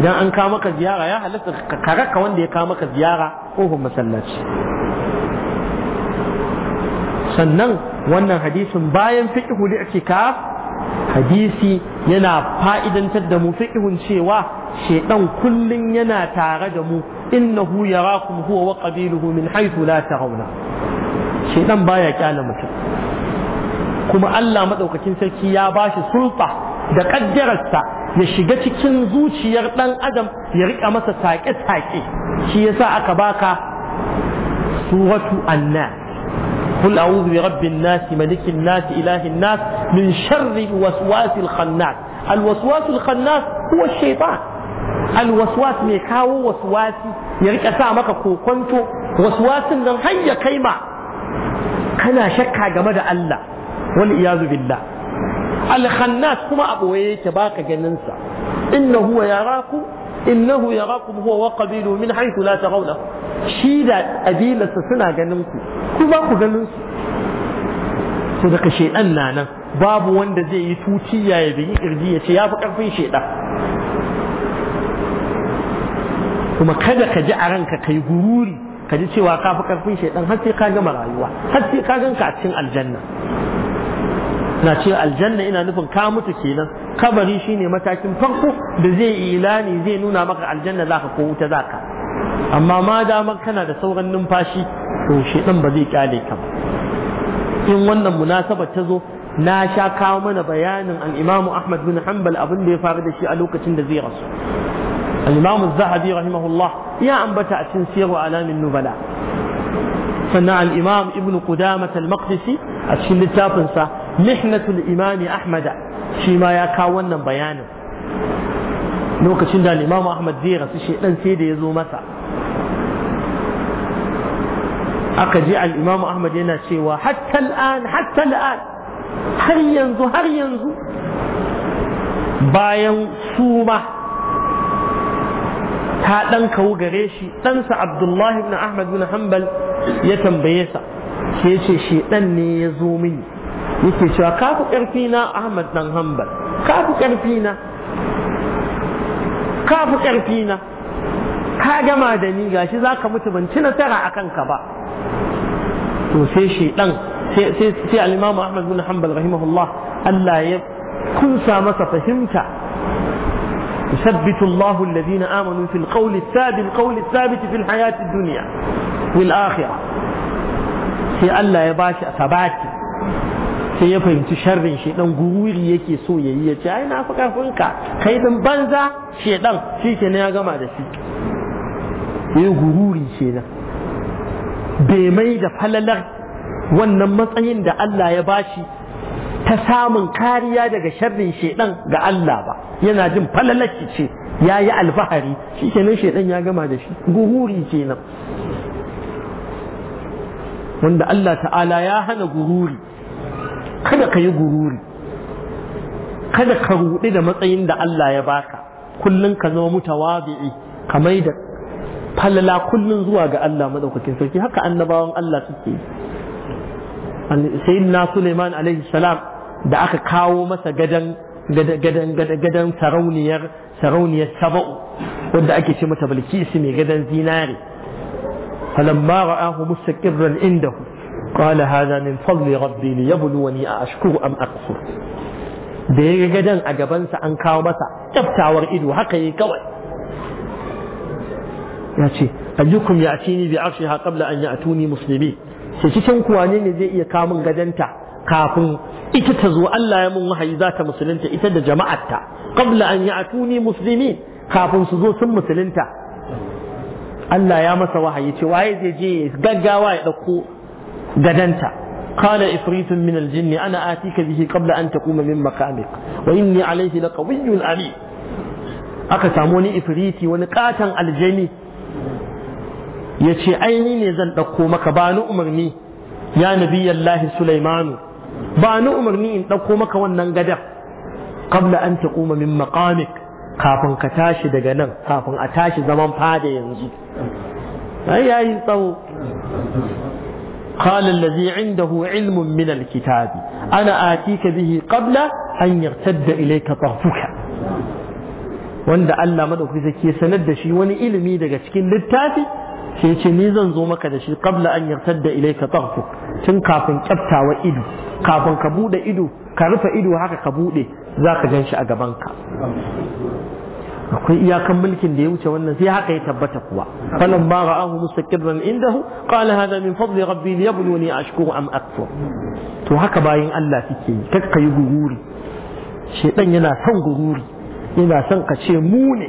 idan an kawo maka ziyara ya halasta ka raka wanda ya kawo maka ziyara kofar masallaci sannan wannan hadisin bayan fiqhu li'tikaf hadisi yana fa'idantar da mu fiqhun cewa shedan kullum yana tare da mu innahu yarakum huwa wa ƙabiluhu min haythu la rauna. Shaiɗan baya ƙyale mutum kuma Allah madaukakin sarki ya bashi sulfa da ƙaddararsa ya shiga cikin zuciyar ɗan adam ya rika masa take-take shi yasa aka baka suratu annas قل أعوذ برب الناس ملك الناس إله الناس من شر الوسواس الخناس الوسواس الخناس هو الشيطان الوسواس ميكاو وسواس يريك أسامك كوكونت وسواس من هيا كيما كنا شكا جمد الله والعياذ بالله الخناس كما أبويت باك جننسا إنه هو يراكم innahu yarakum huwa wa qabilu min haythu la tarawna shi da kabilarsa suna ganin ku ku ba ku ganin su to daga shedan na nan babu wanda zai yi tutiya ya bi kirji ya ce yafi karfin shedan kuma kada ka ji a ranka kai gururi ka ji cewa ka fi karfin shedan har sai ka gama rayuwa har sai ka ganka a cikin aljanna na ce aljanna ina nufin ka mutu kenan kabari shine matakin farko da zai ilani zai nuna maka aljanna zaka ko wuta zaka amma ma dama kana da sauran numfashi to shedan ba zai kyale ka in wannan munasabar ta zo na sha kawo mana bayanin al-Imam Ahmad bin Hanbal abin da ya faru da shi a lokacin da zai rasu al zahabi rahimahullah ya ambata a cikin Sirru Alamin Nubala sannan al-Imam Ibn Qudamah al-Maqdisi a cikin littafinsa mihnatul imami ahmad shi ma ya kawo wannan bayanin lokacin da imam ahmad zai rasu shi dan sai da ya zo masa aka ji al-imam ahmad yana cewa hatta al'an hatta al'an har yanzu har yanzu bayan suma ta dan kawo gare shi ɗansa abdullahi ibn ahmad bin hanbal ya tambaye sa sai ce shedan ne ya zo mini yake cewa ka fi ƙarfi na Ahmad dan Hanbal ka fi ƙarfi na ka fi ƙarfi na ka gama da ni gashi za ka mutu ban ci nasara a kanka ba to sai shi ɗan sai al'imamu Ahmad bin Hanbal rahimahullah Allah ya kunsa masa fahimta يثبت الله الذين آمنوا في القول الثابت القول الثابت في الحياة الدنيا والآخرة في Allah ya ثباتي sai ya fahimci sharrin shaidan guguri yake so ya yi ya ce ai na fi karfin ka kai din banza shaidan shi ke ya gama da shi yayi gururi kenan bai mai da falalar wannan matsayin da Allah ya bashi ta samun kariya daga sharrin shaidan ga Allah ba yana jin falalar shi ce ya yi alfahari shi kenan shaidan ya gama da shi gururi kenan wanda Allah ta'ala ya hana gururi kada ka yi gururi kada ka ruɗi da matsayin da Allah ya baka kullum ka zama mutawabi'i ka mai da falala kullum zuwa ga Allah madaukakin sarki haka annabawan Allah suke Suleiman Sulaiman alaihi salam da aka kawo masa gadan gadan gadan sarauniyar sarauniyar saba'u wanda ake ce mata bilkisu mai gadan zinare falamma ra'ahu mustaqirran indahu قال هذا من فضل ربي ليبلوني أأشكر أم أكفر da ya ga dan a gabansa an kawo masa kyaftawar ido haka yi kawai ya ce ayyukum ya atini bi ha qabla an ya'tuni muslimi sai cikin kuwa ne ne zai iya kamun gadanta kafin ita ta zo Allah ya mun wahayi za ta musulunta ita da jama'arta qabla an ya'tuni muslimi kafin su zo sun musulunta Allah ya masa wahayi ce waye zai je gaggawa ya dauko gadanta قال إفريت من الجن أنا آتيك به قبل أن تقوم من مقامك وإني عليه لقوي عليم aka samu wani ifiriti wani katon aljani ya ce aini ne zan ɗauko maka ba ni umarni ya nabi Allahi Sulaimanu ba ni umarni in ɗauko maka wannan gadar kabla an ta kuma min makamik kafin ka tashi daga nan kafin a tashi zaman fada yanzu ai yayi tsawo قال الذي عنده علم من الكتاب أنا آتيك به قبل أن يرتد إليك طرفك wanda Allah madaukaki ke sanar da shi wani ilimi daga cikin littafi sai ce ni zan zo maka da shi qabla an yartadda ilayka tarfu tun kafin kyaftawa ido kafin ka bude ido ka rufe ido haka ka bude zaka gan shi a gaban ka akwai iyakan mulkin da ya wuce wannan sai haka ya tabbata kuwa falan ba ra'ahu mustaqirran indahu qala hadha min fadli rabbi liyabluwani ashkuru am akfur to haka bayin Allah take yi kakka yi gururi shedan yana son gururi yana son ka ce mu ne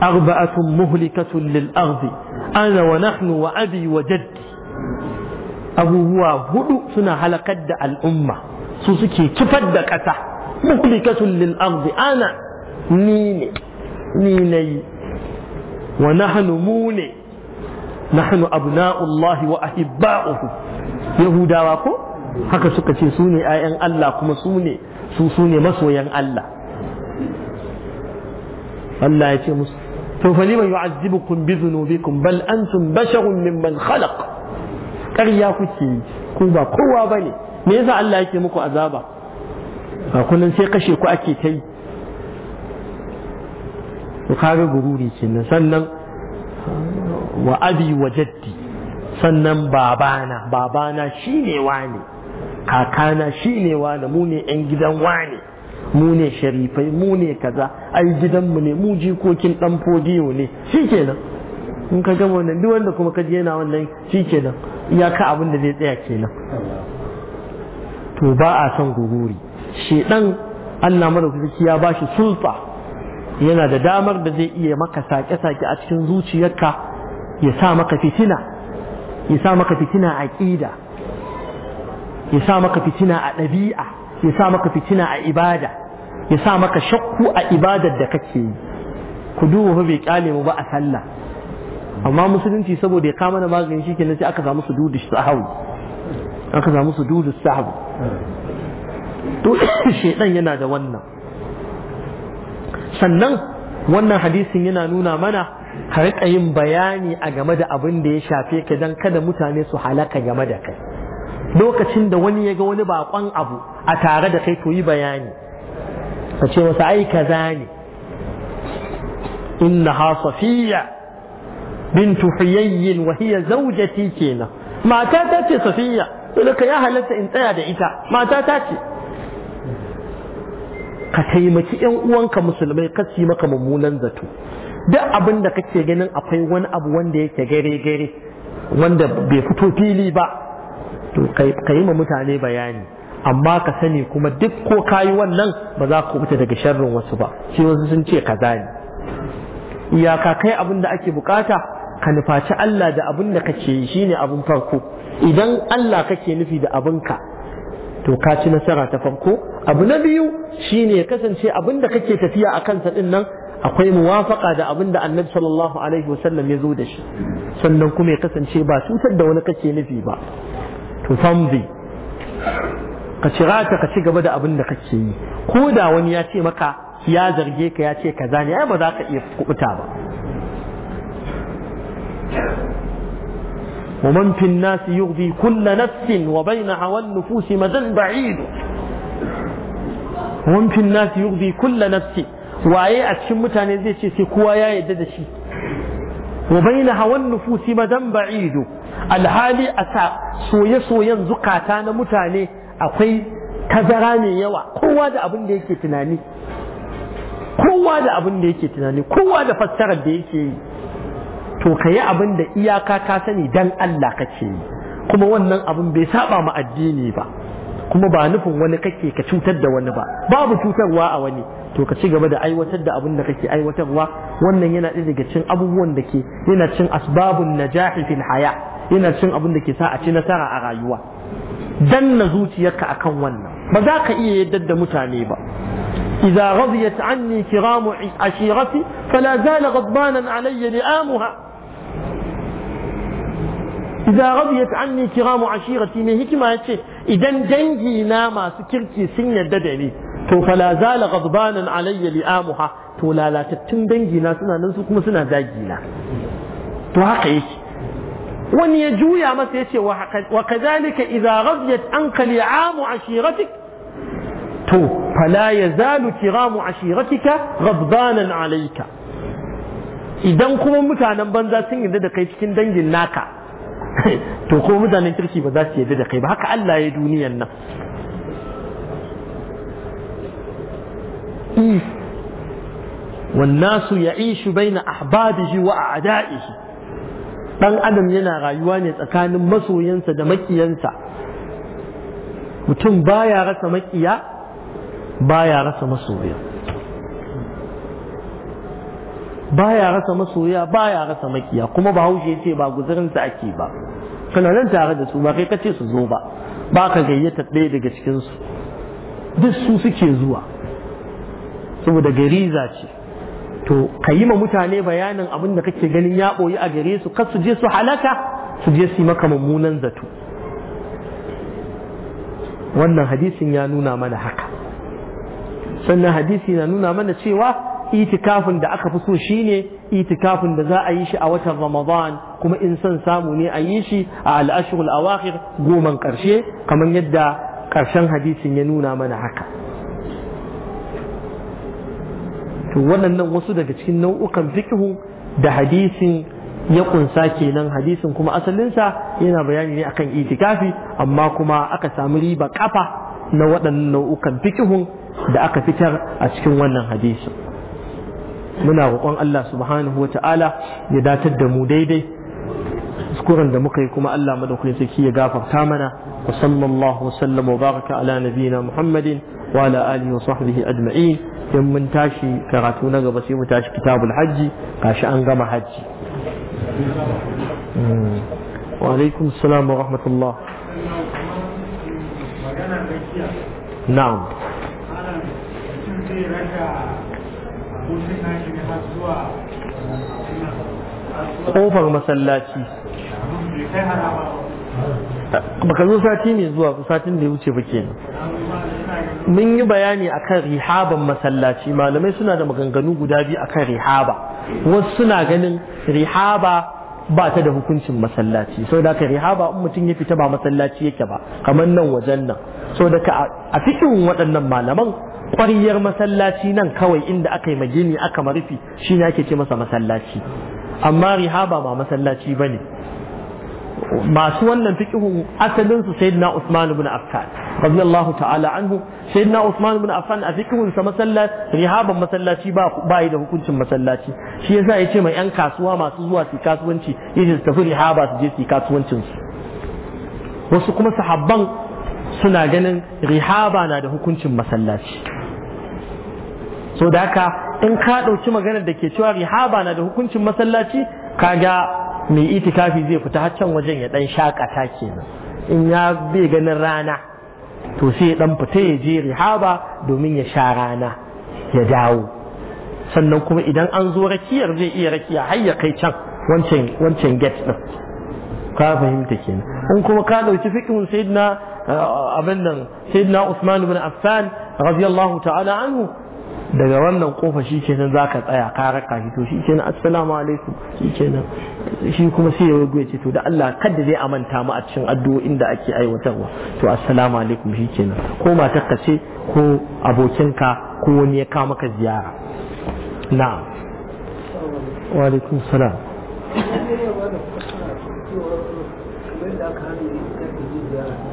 arba'atun muhlikatun lil ardi ana wa nahnu wa abi wa jaddi abubuwa hudu suna halakar da al'umma su suke kifar da ƙasa muhlikatun lil ardi ana ni ne ni na yi wa nahnu mu ne nahnu abna'ullahi wa ahibba'uhu yahudawa ko haka suka ce su ne Allah kuma su ne su su ne masoyan Allah Allah ya ce musu to fa liman yu'azzibukum bi dhunubikum bal antum basharun mimman khalaq ƙarya kuke ku ba kowa bane me yasa Allah yake muku azaba ba kullun sai kashe ku ake ta yi to ga gururi kenan sannan wa abi wa jaddi sannan babana babana shine wane kakana shine wane mu ne yan gidan wane mu ne sharifai mu ne kaza ai gidanmu ne mu jikokin dan fodiyo ne shikenan in ka gama wannan duk wanda kuma ka je yana wannan shikenan iyaka abin da zai tsaya kenan to ba a son gururi shedan Allah madaukaki ya bashi sulta yana da damar da zai iya maka sake-sake a cikin zuciyarka ya sa maka fitina ya sa maka fitina a ƙida ya sa maka fitina a ɗabi'a ya sa maka fitina a ibada ya sa maka shakku a ibadar da kake yi ku duba bai kyale mu ba a sallah amma musulunci saboda ya kama na maganin shi kenan sai aka samu su dudu sahawi aka samu su dudu sahawi to shedan yana da wannan sannan wannan hadisin yana nuna mana ka yin bayani a game da abin da ya shafe ka don kada mutane su halaka game da kai lokacin da wani ya ga wani bakon abu a tare da kai to yi bayani ka ce wasu ai kaza ne ha, safiya bintu huyayyin wa hiya zawjati kenan mata ta ce safiya to ya halatta in tsaya da ita mata ta ce ka taimaki yan uwanka musulmai ka ci maka mummunan zato duk abin da kake ganin akwai wani abu wanda yake gare gare wanda bai fito fili ba to ka yi ma mutane bayani amma ka sani kuma duk ko kayi wannan ba za ku fita daga sharrin wasu ba shi wasu sun ce kaza ne iyaka kai abin da ake bukata ka nufaci Allah da abin da kake yi shine abin farko idan Allah kake nufi da abinka to ka ci nasara ta farko abu na biyu shine ya kasance abin da kake tafiya a kansa ɗin nan akwai muwafaka da abin da annabi sallallahu alaihi wasallam ya zo da shi sannan kuma ya kasance ba cutar da wani kake nufi ba to famzi ka cira ka ci gaba da abin da kake yi ko da wani ya ce maka ya zarge ka ya ce kaza ne ai ba za ka iya kubuta ba ومن في الناس يغذي كل نفس وبين عوال النفوس مدى بعيد ومن في الناس يغذي كل نفس وعيه أتشمت عن ذلك سيكوا يا إددشي وبين عوال النفوس مدى بعيد الحالي أتا سوية سوية زقاتان متاني أخي تزراني يوا قوة أبن ليكي تناني قوة أبن ليكي تناني قوة فسر ليكي to ka yi abin da iyaka ka sani dan Allah kake yi kuma wannan abin bai saba ma addini ba kuma ba nufin wani kake ka cutar da wani ba babu cutarwa a wani to ka ci gaba da aiwatar da abin da kake aiwatarwa wannan yana ɗaya daga cin abubuwan da ke yana cin asbabun najahi fil haya yana cin abin da ke sa a ci nasara a rayuwa danna zuciyarka akan wannan ba za ka iya yadda da mutane ba إذا رضيت عني كرام عشيرتي فلا زال غضبانا علي لئامها idza radiyat anni kiramu ashirati mai hikima yace idan dangi na masu kirki sun yarda da ni to fala zala ghadbanan alayya li'amuha to lalatattun dangi na suna nan su kuma suna zagi na to haka yake wani ya juya masa yace wa kadhalika idza radiyat anka li'amu ashiratik to fala yazalu kiramu ashiratika ghadbanan alayka idan kuma mutanen banza sun yarda da kai cikin dangin naka to ko mutanen kirki ba za su yarda da kai ba haka Allah ya duniyan nan ya والناس يعيش بين أحبابه وأعدائه ɗan adam yana rayuwa ne tsakanin masoyansa da makiyansa mutum baya rasa makiya baya rasa masoya baya rasa masoya baya rasa makiya kuma ba haushe ce ba guzurinsa ake ba kana nan tare da su ba kai kace su zo ba ba ka gayyata ɗaya daga cikin su duk su suke zuwa saboda gariza ce to ka yi ma mutane bayanin abin da kake ganin ya ɓoyi a gare su kar su je su halaka su je su maka mummunan zato wannan hadisin ya nuna mana haka sannan hadisi na nuna mana cewa itikafin da aka fi so shine itikafin da za a yi shi a watan Ramadan kuma in son samu ne a yi shi a al'ashirul awakhir goman karshe kamar yadda karshen hadisin ya nuna mana haka to waɗannan wasu daga cikin nau'ukan fikihu da hadisin ya kunsa kenan hadisin kuma asalinsa yana bayani ne akan itikafi amma kuma aka samu riba kafa na waɗannan nau'ukan fikihun da aka fitar a cikin wannan hadisin muna roƙon Allah subhanahu wa ta'ala ya datar da mu daidai kuskuren da muka yi kuma Allah madaukakin sarki ya gafarta mana wa sallallahu wasallam wa baraka ala nabiyina Muhammadin wa ala alihi wa sahbihi ajma'in in mun tashi karatu na gaba sai mu tashi kitabul hajji gashi an gama hajji hmm. wa alaikum salam wa rahmatullah na'am ƙofar masallaci baka zo sati ne zuwa satin da ya wuce ba kenan. mun yi bayani akan rihaban masallaci malamai suna da maganganu guda biyu akan rihaba wasu suna ganin rihaba ba ta da hukuncin masallaci sau da ka rihaba in mutum ya fita ba masallaci yake ba kamar nan wajen nan sau da ka a cikin waɗannan malaman ƙwariyar masallaci nan kawai inda aka yi magini aka marufi shi ne ake ce masa masallaci amma rihaba ba masallaci ba ne masu wannan fiƙihu asalinsu sayyidina Usman ibn Affan radiyallahu ta'ala anhu sayyidina Usman ibn Affan a fiƙihun sa masallaci rihaban masallaci ba yi da hukuncin masallaci shi yasa ce mai yan kasuwa masu zuwa su kasuwanci yace su tafi rihaba su je su kasuwancin wasu kuma sahabban suna ganin rihaba na da hukuncin masallaci so da haka in ka ɗauki maganar da ke cewa rihaba na da hukuncin masallaci kaga mai itikafi zai fita har can wajen ya ɗan shakata kenan in ya bai ganin rana to sai ya ɗan fita ya je rihaba domin ya sha rana ya dawo sannan kuma idan an zo rakiyar zai iya rakiya har ya kai can wancan wancan gate din ka fahimta kenan in kuma ka dauki fiqhun sayyidina eh, abin nan sayyidina Usman ibn Affan radiyallahu ta'ala anhu daga wannan kofa shi kenan za ka tsaya ka raka shi to shi kenan assalamu alaikum shi kenan shi kuma sai ya wago ce to da Allah kada zai amanta mu a cikin addu'o'in da ake aiwatarwa to assalamu alaikum shi kenan ko matarka ce ko abokinka ko wani ya kawo maka ziyara na'am wa alaikum salam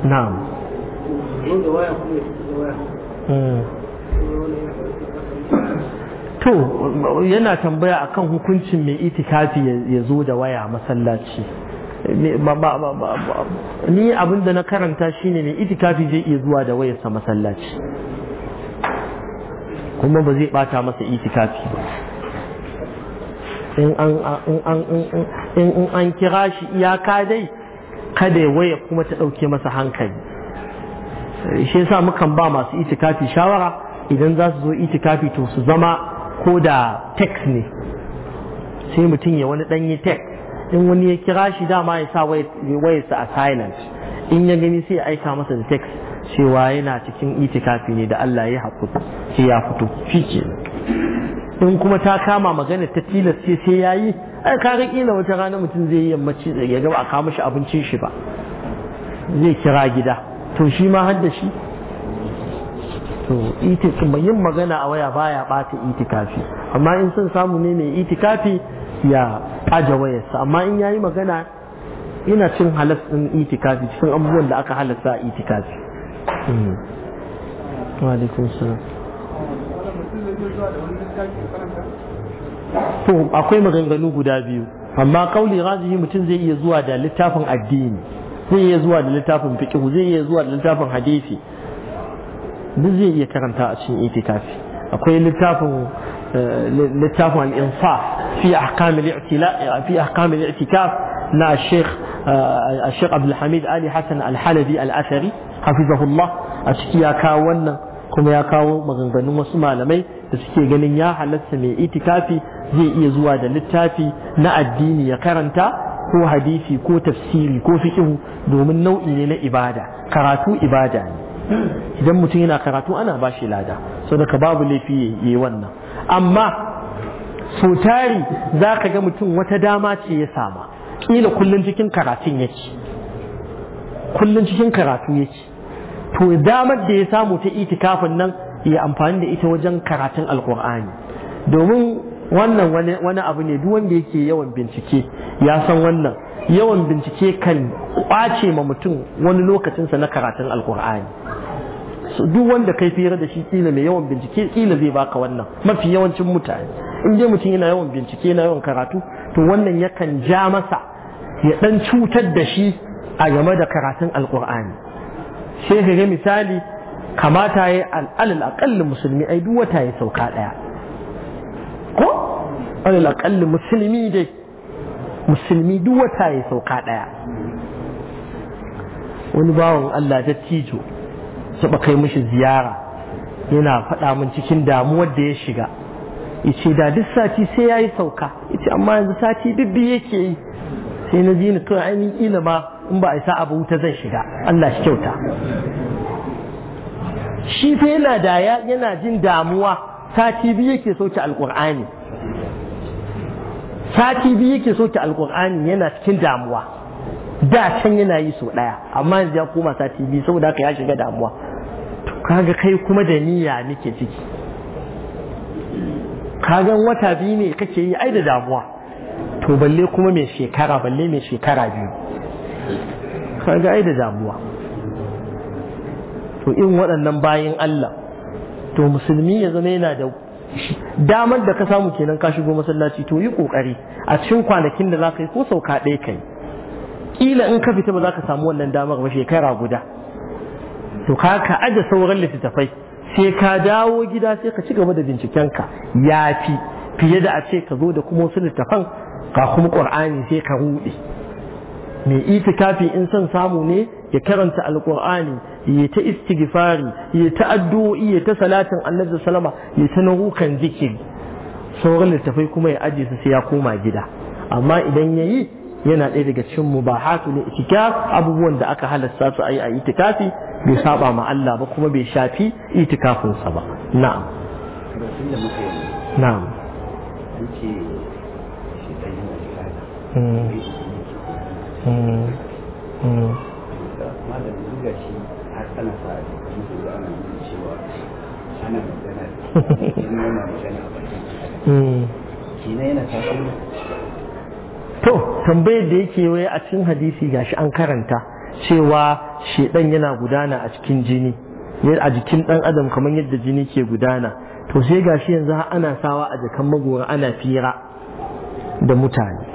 na'am hmm. to yana tambaya akan hukuncin mai itikafi ya zo da waya masallaci ni abinda na karanta shine mai itikafi zai iya zuwa da wayarsa masallaci kuma ba zai bata masa itikafi ba in an kira shi iyaka dai kada waya kuma ta ɗauke masa hankali shi yasa mukan ba masu itikafi shawara idan za su zo itikafi to su zama ko da text ne sai mutum ya wani ɗanyi text in wani ya kira shi dama ya sa wayarsa a silent in ya gani sai ya aika masa da text cewa yana cikin itikafi ne da Allah ya haƙuri sai ya fito fice. in kuma ta kama magana ta tilas ce sai ya yi ai kaga kila wata rana mutum zai yi yammaci ya ga a kawo mishi abincin shi ba zai kira gida to shi ma har da shi to yin magana a waya baya bata itikafi amma in sun samu ne mai itikafi ya aje wayarsa amma in yayi magana ina cin halas din itikafi cikin abubuwan da aka halasta itikafi mm. wa alaikum salam to akwai maganganu guda biyu amma kauli razihi mutum zai iya zuwa da littafin addini zai iya zuwa da littafin fiqh zai iya zuwa da littafin hadisi duk zai iya karanta a cikin itikafi akwai littafin eh, littafin al-insaf fi ahkam al-i'tila fi ahkam al-i'tikaf na Sheikh eh, Sheikh Abdul Hamid Ali Hassan Al-Halabi Al-Athari hafizahullah a ciki ya kawo wannan kuma ya kawo maganganun wasu malamai da suke ganin ya halatta mai itikafi zai iya zuwa da littafi na addini ya karanta ko hadisi ko tafsiri ko fikihu domin nau'i ne na ibada karatu ibada ne idan mutum yana karatu ana ba shi lada daga babu laifi ya yi wannan amma so tari za ka ga mutum wata dama ce ya sama ƙila kullum cikin karatun yake kullum cikin karatu yake to damar da ya samu ta itikafin nan ya amfani da ita wajen karatun alkur'ani domin wannan wani abu ne duk wanda yake yawan bincike ya san wannan yawan bincike kan kwace ma mutum wani lokacinsa na karatun alkur'ani so duk wanda kai fira da shi kila mai yawan bincike kila zai baka wannan mafi yawancin mutane in dai mutum yana yawan bincike yana yawan karatu to wannan yakan ja masa ya dan cutar da shi a game da karatun alkur'ani sai ka ga misali kamata ya alal aqalli musulmi ai duk wata ya sauka daya ko alal aqalli musulmi dai musulmi duk wata ya sauka ɗaya wani bawan Allah ta tijo saba kai mishi ziyara yana faɗa min cikin damuwar da ya shiga yace da duk sati sai ya yi sauka yace amma yanzu sati bibbi yake yi sai na ji ni to ainihin ƙila ma in ba a sa abu wuta zan shiga Allah shi kyauta shi fa yana da yana jin damuwa sati biyu yake sauke alƙur'ani sati biyu yake soke alkur'ani yana cikin damuwa da can yana yi so daya amma yanzu ya koma sati biyu saboda haka ya shiga damuwa to kaga kai kuma da niyya nake ciki kagan wata biyu ne kake yi ai da damuwa to balle kuma mai shekara balle mai shekara biyu kaga ai da damuwa to in waɗannan bayin Allah to musulmi ya zama yana da damar da ka samu kenan ka shigo masallaci to yi kokari a cikin kwanakin da za ka yi ko sau sauka ɗaya kai kila in ka fita ba za ka samu wannan damar ba shekara guda to ka ka aje sauran littattafai sai ka dawo gida sai ka ci gaba da ka ya fi fiye da a ce ka zo da kuma wasu littattafan ka kuma Al-Qur'ani sai ka ruɗe mai itikafi in son samu ne ya karanta alqur'ani ya ta istighfari ya ta addu'o'i ya ta salatin annabi sallama ya ta nahukan zikiri sauran littafai kuma ya aje su sai ya koma gida amma idan yayi yana ɗaya daga cikin mubahatul itikaf abubuwan da aka halasta su ayi a itikafi bai saba ma Allah ba kuma bai shafi itikafin ba na'am na'am Mm. Mm. to tambayar da yake wai a cikin hadisi gashi an karanta cewa shedan yana gudana a cikin jini a jikin dan adam kamar yadda jini ke gudana to sai gashi yanzu ana sawa a jakan magora ana fira da mutane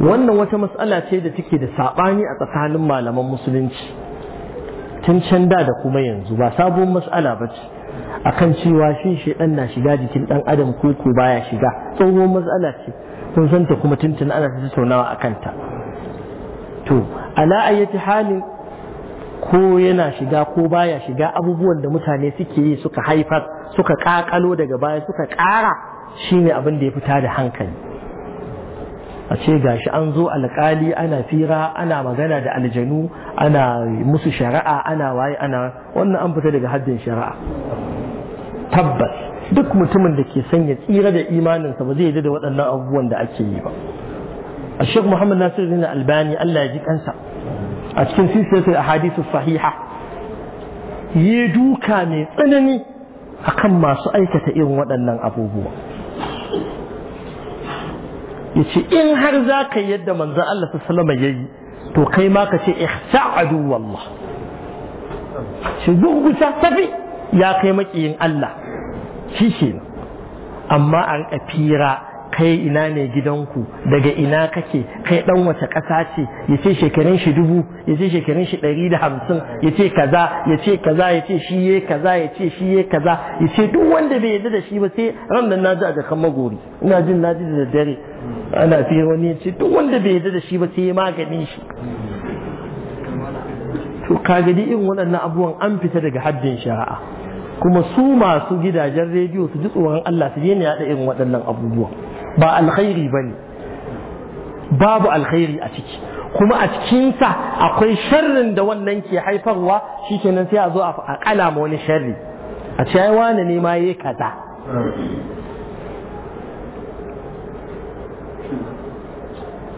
wannan wata matsala ce da take da sabani a tsakanin malaman musulunci tun can da da kuma yanzu ba sabon matsala ba ce akan cewa shi shaidan na shiga jikin ɗan adam ko ko baya shiga tsohon matsala ce kun san kuma tuntun ana ta tattaunawa a kanta? to ala ayyati halin ko yana shiga ko baya shiga abubuwan da mutane suke yi suka haifar suka kakalo daga baya suka kara shine abin da ya fita da hankali a ce shi an zo alƙali ana fira ana magana da aljanu ana musu shari'a ana waye ana wannan an fita daga haddin shari'a tabbas duk mutumin da ke sanya tsira da imaninsa ba zai yi da waɗannan abubuwan da ake yi ba a shek muhammad nasiru zina albani allah ya ji kansa a cikin silsilatul hadisu sahiha yi duka mai tsanani akan masu aikata irin waɗannan abubuwa Yaci in har za ka yadda manzon Allah sallallahu ya yi, to kai ma ka ce ihsa'adu wallah shi gurguta tafi ya kai makiyin Allah shi shi amma an kafira kai ina ne gidanku daga ina kake kai dan wace ƙasa ce ya ce shekarun shi dubu ya ce shekarun shi ɗari da hamsin ya ce kaza ya ce kaza ya ce shi ye kaza ya ce shi ye kaza ya ce duk wanda bai yarda da shi ba sai ran nan naji a jakan magori ina jin naji da daddare ana fi wani ya ce duk wanda bai yarda da shi ba sai maganin shi to kagadi irin waɗannan abubuwan an fita daga haddin shari'a kuma su masu gidajen rediyo su ji tsoron Allah su daina yaɗa irin waɗannan abubuwan ba alkhairi ne babu alkhairi a ciki kuma a cikinsa akwai sharrin da wannan ke haifarwa shi kenan sai a zo a kalama ma wani sharri a ce ai wani ne ma yayi kaza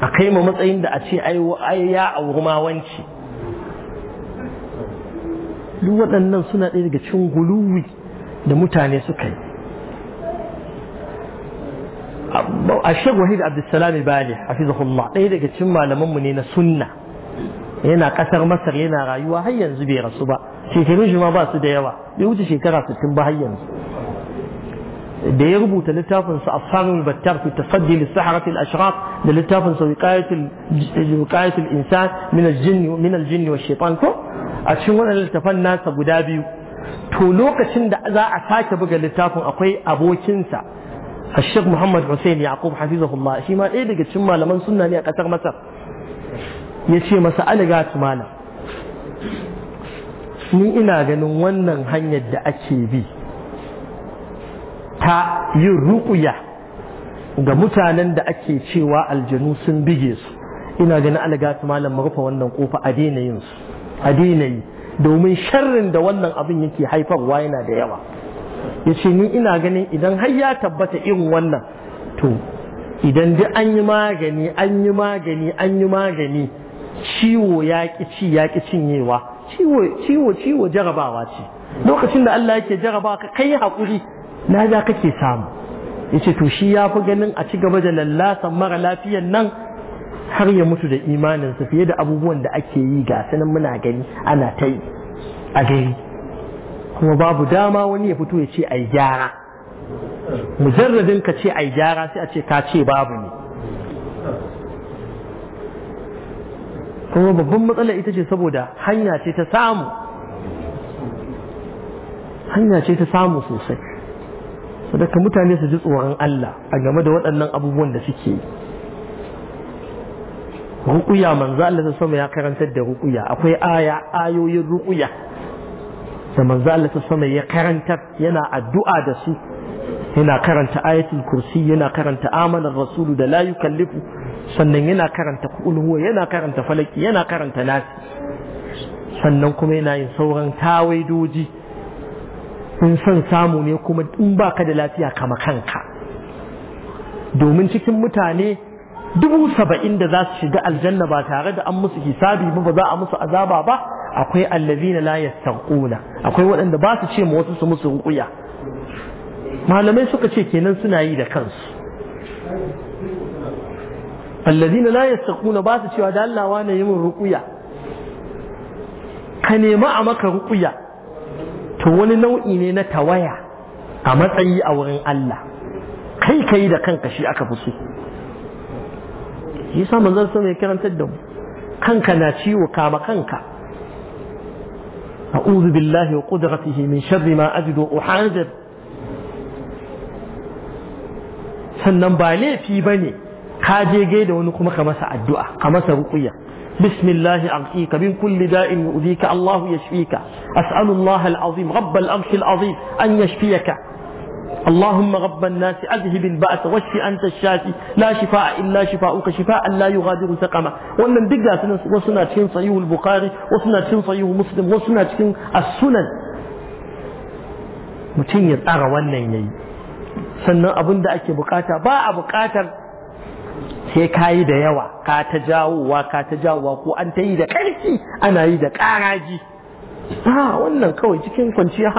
a kai ma matsayin da a ce ai ya auri ma wanci duk waɗannan suna ɗaya daga cikin guluwi da mutane suka yi الشيخ وحيد عبد السلام البالي حفظه الله ɗaya daga cikin malamanmu ne na sunna yana ƙasar masar yana rayuwa har yanzu bai rasu ba shekarun shi ma ba su da yawa bai wuce shekara 60 ba har yanzu da ya rubuta littafinsa asfarul battar fi tasaddi da saharatil ashraf da littafinsa wiqayatul wiqayatul insan min al wa ko a cikin wannan littafan nasa guda biyu to lokacin da za a sake buga littafin akwai abokinsa الشيخ محمد حسين يعقوب حفظه الله شي ما ɗaya daga cikin malaman sunna ne a ƙasar Masar ya ce masa aligat malam ni ina ganin wannan hanyar da ake bi ta yin ruƙuya ga mutanen da ake cewa aljanu sun bige su ina ganin aligat malam rufe wannan kofa a daina yin su a daina yi domin sharrin da wannan abin yake haifarwa yana da yawa ya ce ni ina ganin idan har ya tabbata irin wannan to idan duk an yi magani an yi magani an yi magani ciwo ya ƙi ci ya ƙi cinyewa ciwo ciwo jarabawa ce lokacin da Allah yake jaraba ka kai haƙuri na za kake samu ya ce to shi ya fi ganin a ci gaba da lallasan mara lafiyan nan har ya mutu da imaninsa fiye da abubuwan da ake yi ga sanin muna gani ana ta yi a gari kuma babu dama wani ya fito ya ce ai gyara mujarradin ka ce ai gyara sai a ce ka ce babu ne kuma babban matsala ita ce saboda hanya ce ta samu hanya ce ta samu sosai sadaka mutane su ji tsoron Allah a game da waɗannan abubuwan da suke yi ruƙuya manzo Allah sama ya karantar da rukuya akwai aya ayoyin ruƙuya da manzo Allah ta sama ya karanta yana addu'a da su yana karanta ayatul kursi yana karanta amanar rasulu da la yukallifu sannan yana karanta kulhuwa yana karanta falaki yana karanta nasi sannan kuma yana yin sauran tawaidoji in son samu ne kuma in baka da lafiya kama kanka domin cikin mutane dubu saba'in da za su shiga aljanna ba tare da an musu hisabi ba ba za a musu azaba ba akwai allazina la yastaquna akwai waɗanda ba su ce mu wasu su musu ruqya malamai suka ce kenan suna yi da kansu allazina la yastaquna ba su cewa da Allah wane yi min ruqya ka nemi a maka ruqya to wani nau'i ne na tawaya a matsayi a wurin Allah kai kai da kanka shi aka fi so yasa manzon sun ya karantar da mu kanka na ciwo kama kanka أعوذ بالله وقدرته من شر ما أجد وأحاذر sannan ba laifi ba ne ka je gai da wani kuma ka masa addu'a ka masa ruqiyya bismillah arqika min kulli da'in yu'dika Allah yashfika as'alu Allah al-azim rabb al-arsh al-azim an yashfiyaka اللهم رب الناس اذهب الباس واشف انت الشافي لا شفاء الا شفاؤك شفاء لا يغادر سقما ولن دقا وسنة شين صحيح البخاري وسنة شين صحيح مسلم وسنة شين السنن متين يتعرى ولن سنة ابن دعك بقاتا با بقاتا sai kayi da yawa ka ta jawowa ka ta jawowa ko an ta yi da karfi ana yi da karaji a wannan kawai cikin kwanciyar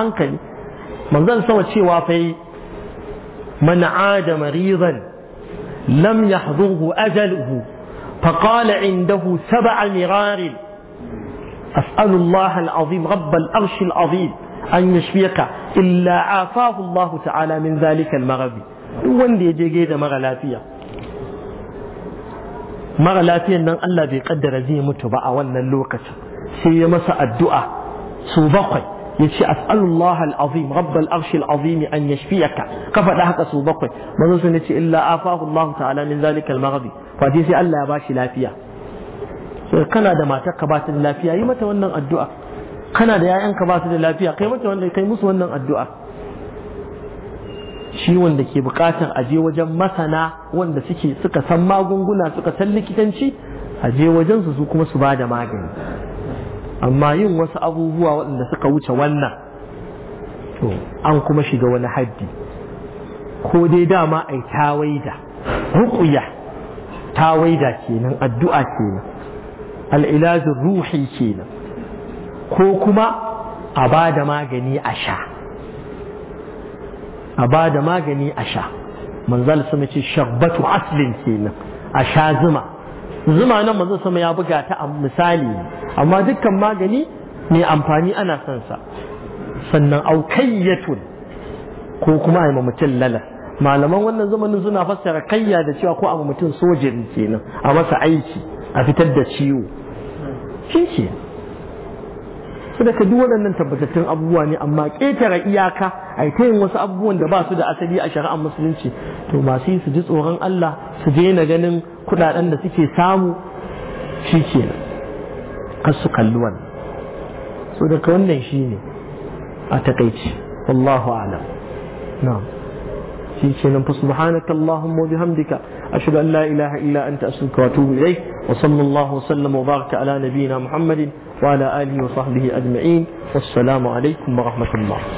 من عاد مريضا لم يحضره أجله فقال عنده سبع مرار أسأل الله العظيم رب الأرش العظيم أن يشفيك إلا عافاه الله تعالى من ذلك المرض وين دي جي جي مرة لا فيها مرة لا فيها أن الله بيقدر زي متبع وأن اللوكة سيما سأدعى سوبقي yace as'alullaha al-azim rabbal arshi al an yashfiyaka ka faɗa haka su bakwai manzo sun ce illa afahu Allah ta'ala min zalika al-maghdi fa sai Allah ya bashi lafiya kana da matar ka ba ta da lafiya yi mata wannan addu'a kana da yayan ka ba su da lafiya kai mata wannan kai musu wannan addu'a shi wanda ke bukatar aje wajen masana wanda suke suka san magunguna suka san likitanci aje wajen su su kuma su ba da magani amma yin wasu abubuwa waɗanda suka wuce wannan to an kuma shiga wani haddi ko dai dama ai tawaida ruqya tawaida kenan addu'a kenan al'ilajin ruhi kenan ko kuma a ba da magani a sha a ba da magani a sha manzal sama ce shabbatu aslin kenan a sha zuma zuma nan manzo sama ya buga ta a misali amma dukkan magani mai amfani ana son sa sannan aukayyatun ko kuma ai mutum lala malaman wannan zamanin suna fassara kayya da cewa ko a mutum sojin kenan a masa aiki a fitar da ciwo shi su da duk waɗannan tabbatattun abubuwa ne amma ƙetare iyaka a ta yin wasu abubuwan da ba su da asali a shari'ar musulunci to masu yi su ji tsoron Allah su daina ganin kudaden da suke samu shi ke kan su kalli wannan so daga wannan shi ne a takaici wallahu alam na'am shi ke nan fa subhanaka allahumma bihamdika ashhadu an la ilaha illa anta astaghfiruka wa atubu ilayk wa sallallahu wa sallama wa baraka ala nabiyyina muhammadin wa ala alihi wa sahbihi ajma'in wassalamu alaikum wa rahmatullah